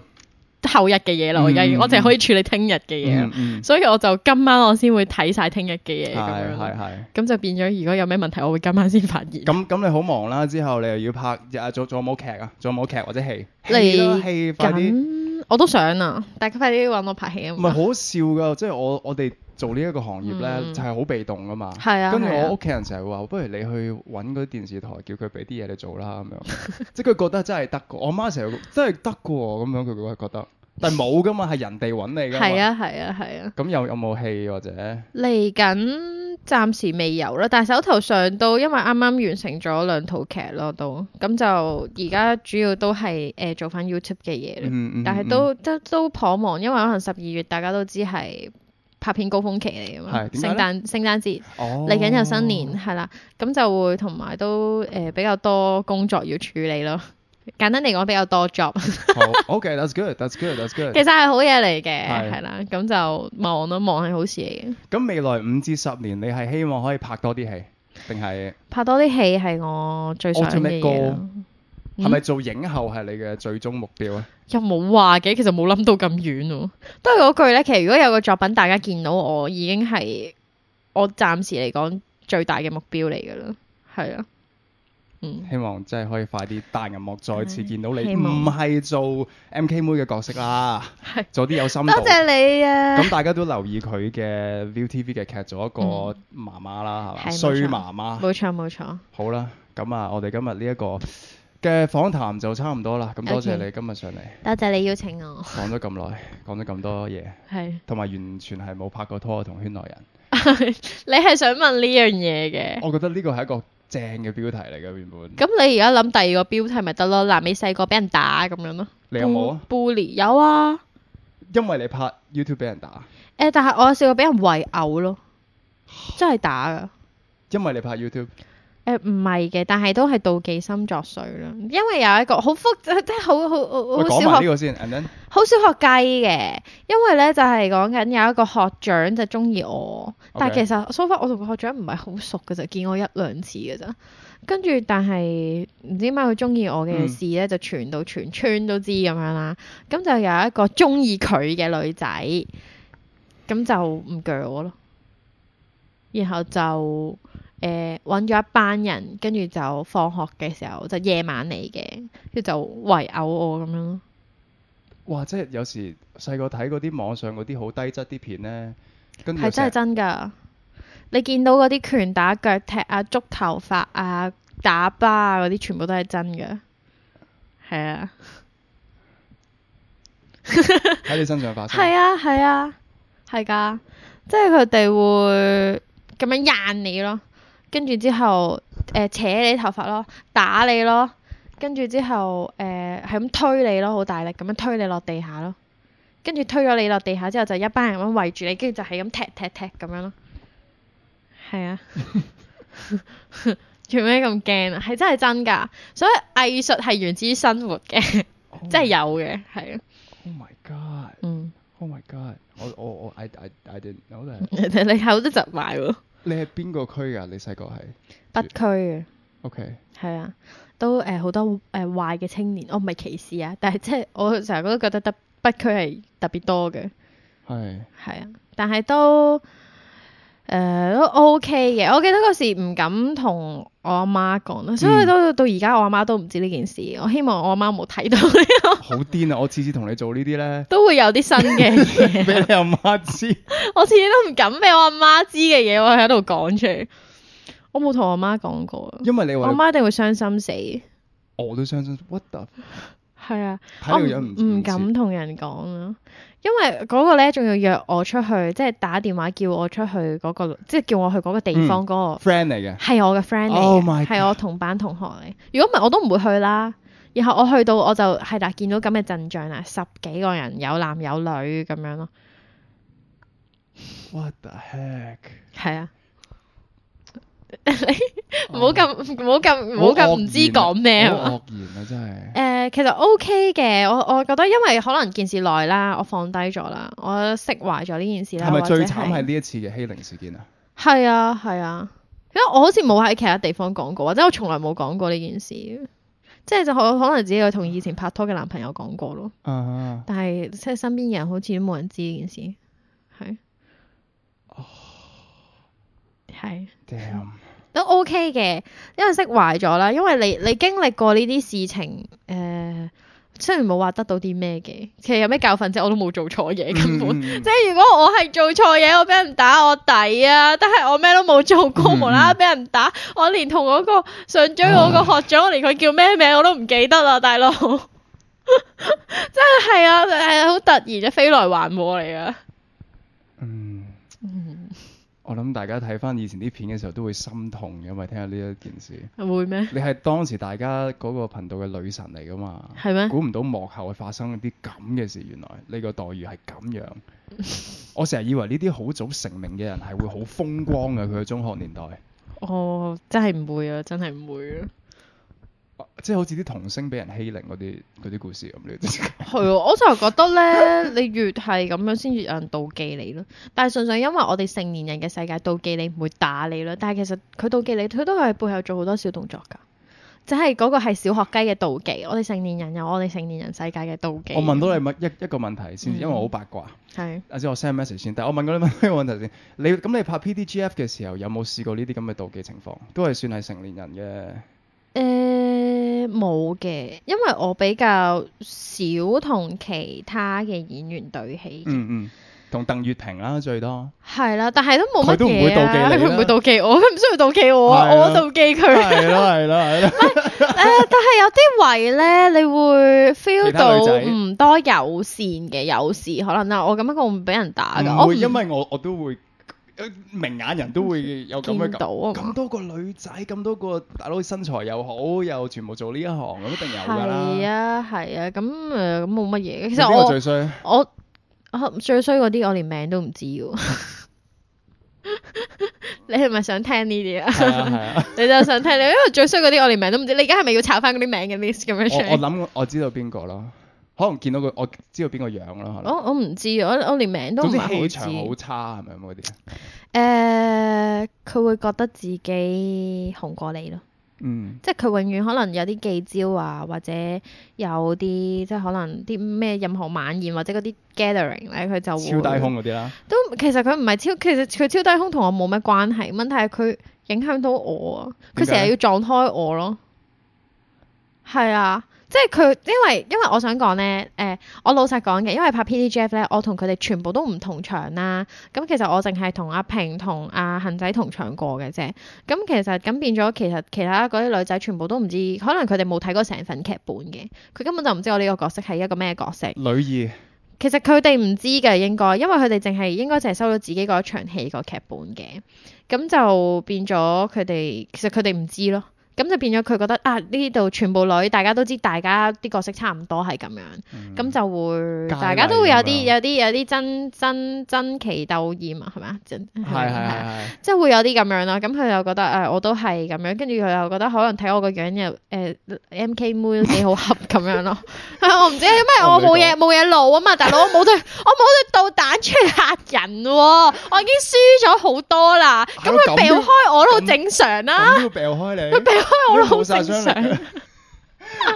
後日嘅嘢咯，我而家、嗯、我淨係可以處理聽日嘅嘢，嗯、所以我就今晚我先會睇晒聽日嘅嘢，咁、嗯嗯、樣，咁是就變咗是如果有咩問題，我會今晚先發現。咁咁、嗯、你好忙啦，之後你又要拍日，仲、啊、仲有冇劇啊？仲有冇劇或者戲？戲快啲點，我都想啊，大家快啲揾我拍戲啊！唔係好笑㗎，即、就、係、是、我我哋。我做呢一個行業咧，嗯、就係好被動噶嘛。係啊，跟住我屋企人成日話：啊、不如你去揾嗰啲電視台，叫佢俾啲嘢你做啦。咁 樣，即係佢覺得真係得。我媽成日都覺得真係得噶，咁樣佢覺得，但係冇噶嘛，係 人哋揾你㗎。係啊，係啊，係啊。咁有有冇戲或者嚟緊？暫時未有啦。但係手頭上都因為啱啱完成咗兩套劇咯，都咁就而家主要都係誒、呃、做翻 YouTube 嘅嘢，但係都都、嗯、都頗忙，因為可能十二月大家都知係。拍片高峰期嚟㗎嘛！聖誕聖誕節嚟緊又新年係啦，咁就會同埋都誒、呃、比較多工作要處理咯。簡單嚟講，比較多 job。好、 oh，OK，that's、okay, good，that's good，that's good。Good, good. 其實係好嘢嚟嘅，係啦是，咁就忙都忙係好事嚟嘅。咁未來五至十年，你係希望可以拍多啲戲，定係拍多啲戲係我最想嘅嘢。係咪、嗯、做影後係你嘅最終目標咧？又冇話嘅，其實冇諗到咁遠咯、啊。都係嗰句咧，其實如果有個作品大家見到我，已經係我暫時嚟講最大嘅目標嚟噶啦。係啊，嗯，希望真係可以快啲大銀幕再次見到你，唔係做 M K 妹嘅角色啦，係是做啲有深度。多謝你啊！咁大家都留意佢嘅 ViuTV 嘅劇,劇，做一個媽媽啦，係嘛？衰媽媽。冇錯冇錯。錯錯好啦，咁啊，我哋今日呢一個。嘅訪談就差唔多啦，咁多謝你今日上嚟。Okay. 多謝你邀請我。講咗咁耐，講咗咁多嘢，同埋是完全係冇拍過拖同圈內人。 你係想問呢樣嘢嘅？我覺得呢個係一個正嘅標題嚟嘅原本。咁你而家諗第二個標題咪得咯？嗱，你細個俾人打咁樣咯。你有冇啊？Bully？有啊。因為你拍 YouTube 俾人打？誒、欸，但係我有試過俾人圍毆咯，真係打㗎！因為你拍 YouTube。誒，唔係嘅，但係都係妒忌心作祟啦。因為有一個好複，即係好好好好小學，好小學雞嘅。因為咧就係講緊有一個學長就中意我，Okay. 但係其實 so far 我同個學長唔係好熟嘅，就見過我一兩次嘅咋。跟住但係唔知點解佢中意我嘅事咧，嗯、就傳到全村都知咁樣啦。咁、嗯、就有一個中意佢嘅女仔，咁就唔鋸我咯。然後就。誒，揾咗一班人，跟住就放學嘅時候就夜晚嚟嘅，跟住就圍毆我咁樣咯。哇！即係有時細個睇嗰啲網上嗰啲好低質啲片咧，跟住係真係真㗎。你見到嗰啲拳打腳踢啊、捉頭髮啊、打巴啊嗰啲，全部都係真㗎。係啊。喺 你身上發生。係啊， 係啊，係㗎，即係佢哋會咁樣㩝你咯。跟住之後，誒、呃、扯你頭髮咯，打你咯，跟住之後，誒係咁推你咯，好大力咁樣推你落地下咯。跟住推咗你落地下之後，就一班人咁圍住你，跟住就係咁踢踢踢咁樣咯。係啊，做咩咁驚啊？係真係真㗎，所以藝術係源自於生活嘅，真係有嘅，係啊。Oh my god！嗯。啊、Oh my god！我我我，I I I didn't know that 你 你口都窒埋喎。你係邊個區㗎？你細個係北區嘅。OK。係啊，都誒好、呃、多誒、呃、壞嘅青年。我唔係歧視啊，但係即係我成日都覺得得北區係特別多嘅。係、嗯。係啊，但係都。誒，都、uh, OK 嘅。我記得嗰時唔敢同我阿媽講啦，所以到都到而家我阿媽都唔知呢件事。我希望我阿媽冇睇到呢個、嗯。好癲啊！我次次同你做呢啲咧，都會有啲新嘅嘢俾你阿媽知， 我我知。我次次都唔敢俾我阿媽知嘅嘢，我喺度講出嚟，我冇同我阿媽講過。因為你，話，我阿媽一定會傷心死。我都傷心死，what the？係啊，我唔不敢同人講啊。 因為嗰個咧仲要約我出去，即係打電話叫我出去嗰個，即係叫我去嗰個地方嗰個 friend 嚟嘅，係、嗯、我嘅 friend 嚟嘅，係我同班同學嚟。如果唔係我都唔會去啦。然後我去到我就係啦，見到咁嘅陣仗啦，十幾個人有男有女咁樣咯。What the heck？係啊。你唔好咁唔好咁唔好咁唔知講咩。好愕然啊真係。誒、呃，其實 O K 嘅，我我覺得因為可能件事耐啦，我放低咗啦，我釋懷咗呢件事啦。係咪最慘係呢一次嘅欺凌事件啊？係啊係啊，因為我好似冇喺其他地方講過，或者我從來冇講過呢件事，即係就可可能只有同以前拍拖嘅男朋友講過咯。啊、uh。Huh. 但係即係身邊嘅人好似都冇人知呢件事，係。哦。係。Damn. 都 OK 嘅，因為釋懷咗啦，因為你你經歷過呢啲事情，誒、呃，雖然冇話得到啲咩嘅，其實有咩教訓啫，我都冇做錯嘢，根本，嗯、即係如果我係做錯嘢，我俾人打我抵啊，但係我咩都冇做過，無啦啦俾人打，我連同嗰個想追我個學長，我連佢叫咩名我都唔記得啦，大佬， 真係係啊，係啊，好突然啫，飛來橫禍嚟啊！我諗大家睇翻以前啲片嘅時候都會心痛，因為聽下呢一件事。會咩嗎？你係當時大家嗰個頻道嘅女神嚟㗎嘛？係咩嗎？估唔到幕後會發生一啲咁嘅事，原來呢個待遇係咁樣。 我成日以為呢啲好早成名嘅人係會好風光嘅，佢中學年代。我、oh, 真係唔會啊！真係唔會啊！即係好似啲童星俾人欺凌嗰啲啲故事咁，呢啲係啊！我就日覺得咧，你越係咁樣，先越有人妒忌你咯。但係純粹因為我哋成年人嘅世界，妒忌你唔會打你咯。但係其實佢妒忌你，佢都係背後做好多小動作㗎。就係、是、嗰個係小學雞嘅妒忌，我哋成年人有我哋成年人世界嘅妒忌。我問到你一一個問題先，因為我好八卦。係、嗯，啊先我 send message 先，但係我問到你乜一個問題先？你咁你拍 P D G F 嘅時候有冇試過呢啲咁嘅妒忌情況？都係算係成年人嘅。誒、嗯。嗯冇嘅，因為我比較少同其他嘅演員對戲、嗯。嗯嗯，同鄧月婷啦、啊、最多。係啦，但係都冇乜嘢妒啊！佢唔會妒忌我，佢唔需要妒忌我，的我妒忌佢。係啦，係啦，係啦。唔 呃、但係有啲位咧，你會 feel 到唔多友善嘅有時，可能啦，會我咁樣講會俾人打㗎。唔會，因為我我都會。明眼人都會有咁嘅感，見到啊，咁多個女仔，咁多個大佬身材又好，又全部做呢一行，一定有噶啦。係啊，係啊，咁，誒，咁冇乜嘢。其實我最衰，我，我最衰嗰啲，我連名都唔知。 你係咪想聽呢啲啊？係啊係啊 你就想聽？你因為最衰嗰啲，我連名都唔知。你而家係咪要抄翻嗰啲名嘅 list 咁樣出？我我諗我知道邊個咯。可能見到佢，我知道邊個樣咯。哦，我我唔知，我我連名都唔係好知。總之氣場好差，係咪嗰啲？誒、呃，佢會覺得自己紅過你咯。嗯。即係佢永遠可能有啲記招啊，或者有啲即係可能啲咩任何晚宴或者嗰啲 gathering 咧，啊，佢就會超低空嗰啲啦。都其實佢唔係超，其實佢超低空同我冇咩關係。問題係佢影響到我啊！佢成日要撞開我咯，係啊。即係佢，因為因為我想講咧，誒、呃，我老實講嘅，因為拍 P D J F 咧，我同佢哋全部都唔同場啦。咁其實我淨係同阿平、同阿恆仔同場過嘅啫。咁其實咁變咗，其實其他嗰啲女仔全部都唔知，可能佢哋冇睇過成份劇本嘅，佢根本就唔知我呢個角色係一個咩角色。女二兒。其實佢哋唔知嘅應該，因為佢哋淨係應該淨係收到自己嗰一場戲個劇本嘅，咁就變咗佢哋，其實佢哋唔知咯。咁就變咗佢覺得啊呢度全部女大家都知大家啲角色差唔多係咁樣，咁就會大家都會有啲有啲有啲爭爭爭奇鬥豔啊，係咪啊？係係係，即係會有啲咁樣咯。咁佢又覺得誒我都係咁樣，跟住佢又覺得可能睇我個樣又誒 M K 妹幾好合咁樣咯。我唔知因為我冇嘢冇嘢露啊嘛，大佬我冇對我冇對導彈出嚟嚇人喎，我已經輸咗好多啦，咁佢避開我都好正常啦。佢避開你。哎、我都好正常。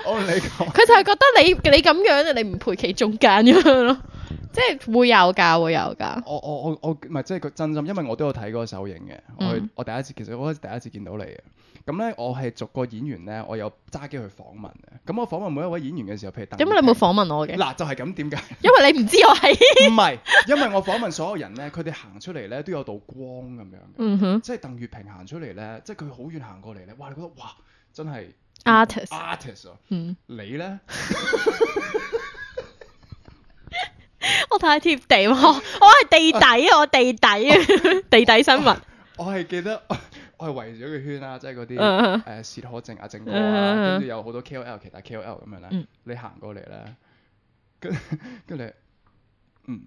我唔理佢，佢就係覺得你你咁樣你唔陪企中間咁樣咯， 即係會有㗎，會有㗎。我我我我唔係，即係佢真心，因為我都有睇嗰個首映嘅，嗯、我我第一次，其實我第一次見到你嘅。咁咧、嗯，我係逐個演員咧，我有揸機去訪問嘅。咁、嗯、我訪問每一位演員嘅時候，譬如鄧，點解你冇訪問我嘅？嗱，就係、是、咁，點解？因為你唔知我係。唔係，因為我訪問所有人咧，佢哋行出嚟咧都有道光咁樣嗯哼。即係鄧月平行出嚟咧，即係佢好遠行過嚟咧，哇！你覺得哇，真係。Artist。Artist。嗯。你咧呢？ 我太貼地喎，我係地底，啊、我地底啊，地底， 地底生物。 我係記得。我係圍住咗個圈啦，即係嗰啲誒薛可正啊、正哥跟住有好多 K O L，其他 K O L 咁樣啦。你行過嚟啦，跟跟住，嗯，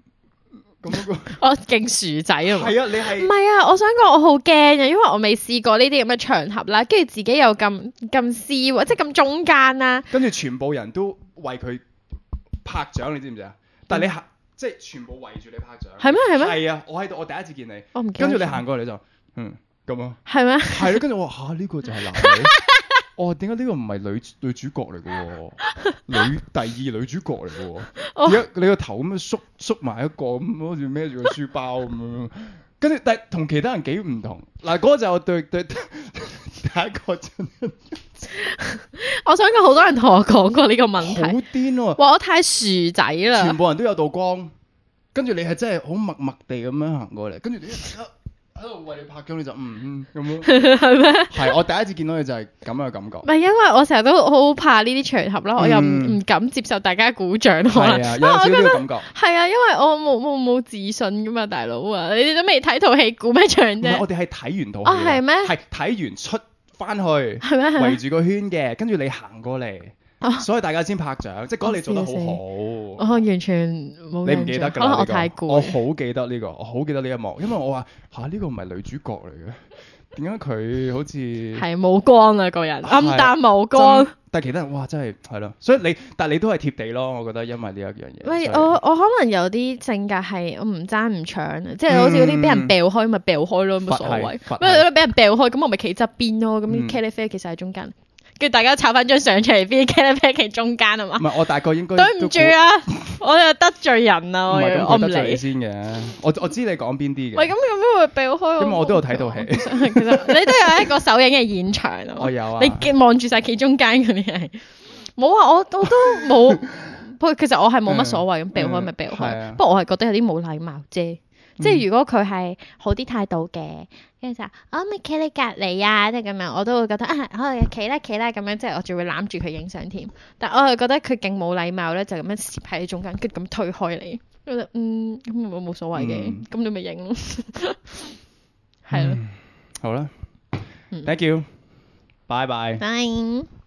咁樣我勁薯仔啊嘛。係啊，你係。唔係啊，我想講我好驚啊，因為我未試過呢啲咁嘅場合啦，跟住自己又咁咁黐喎，即係咁中間啊。跟住全部人都為佢拍掌，你知唔知啊？但係你行，即係全部圍住你拍掌。係咩？係咩？係啊！我喺度，我第一次見你。我唔驚。跟住你行過嚟就嗯。咁啊，係咩？係咯，跟住我話吓呢個就係男仔，我話點解呢個唔係女女主角嚟嘅？女第二女主角嚟嘅，而家、oh. 你個頭咁樣縮縮埋一個，咁好似孭住個書包咁樣。跟住但同其他人幾唔同，嗱、那、嗰個就我對對，對第一個， 我想過好多人同我講過呢個問題， 好癲喎、啊！哇，我太薯仔啦！全部人都有道光，跟住你係真係好默默地咁樣行過嚟，跟住你、啊喺度為你拍功你就嗯嗯咁咯，係咩？係 我第一次見到你就係咁樣嘅感覺。唔係 因為我成日都好怕呢啲場合啦，嗯、我又唔敢接受大家鼓掌可能。係啊，有少少感覺。係啊，因為我冇冇冇自信噶嘛，大佬啊，你哋都未睇套戲，鼓咩掌啫？我哋係睇完套戲，係咩、哦？係睇完出翻去，係咩嗎？圍住個圈嘅，跟住你行過嚟。啊、所以大家先拍掌，即係嗰，你做得好好。我完全冇。你唔記得㗎？可能我太攰。我好記得呢個，我好記得呢一幕，因為我話嚇呢個唔係女主角嚟嘅，點解佢好似係冇光啊，個人暗淡冇光。但係其他人哇，真係係咯，所以你但係你都係貼地咯，我覺得因為呢一樣嘢。喂，以我我可能有啲性格係我唔爭唔搶，即係好似嗰啲俾人掉開咪掉開咯，冇所謂。乜嗰啲俾人掉開咁，我咪企側邊咯。咁 Kelly Fair 其實喺中間。叫大家抄翻張相出嚟，俾佢擺喺其中間啊嘛。唔係，我大概應該。對唔住啊，我又得罪人啊。我唔係得罪你先嘅，我 我知你講邊啲嘅。喂，咁有咩會避開。因為我都有睇套戲。 你都有一個首映嘅現場 我有啊。你望住晒其中間嗰啲人。冇啊，我我都冇。不過其實我係冇乜所謂，咁避、嗯、開咪避開。嗯啊、不過我係覺得有啲冇禮貌啫。嗯、即係如果佢係好啲態度嘅，跟住就話我咪企你隔離啊，即係咁樣，我都會覺得啊，好企啦企啦咁樣，即係我仲會攬住佢影相添。但我係覺得佢勁冇禮貌咧，就咁樣攝喺你中間，跟住咁推開你。我覺得嗯咁冇冇所謂嘅，咁你咪影咯，係咯。好啦，thank you，bye bye, bye.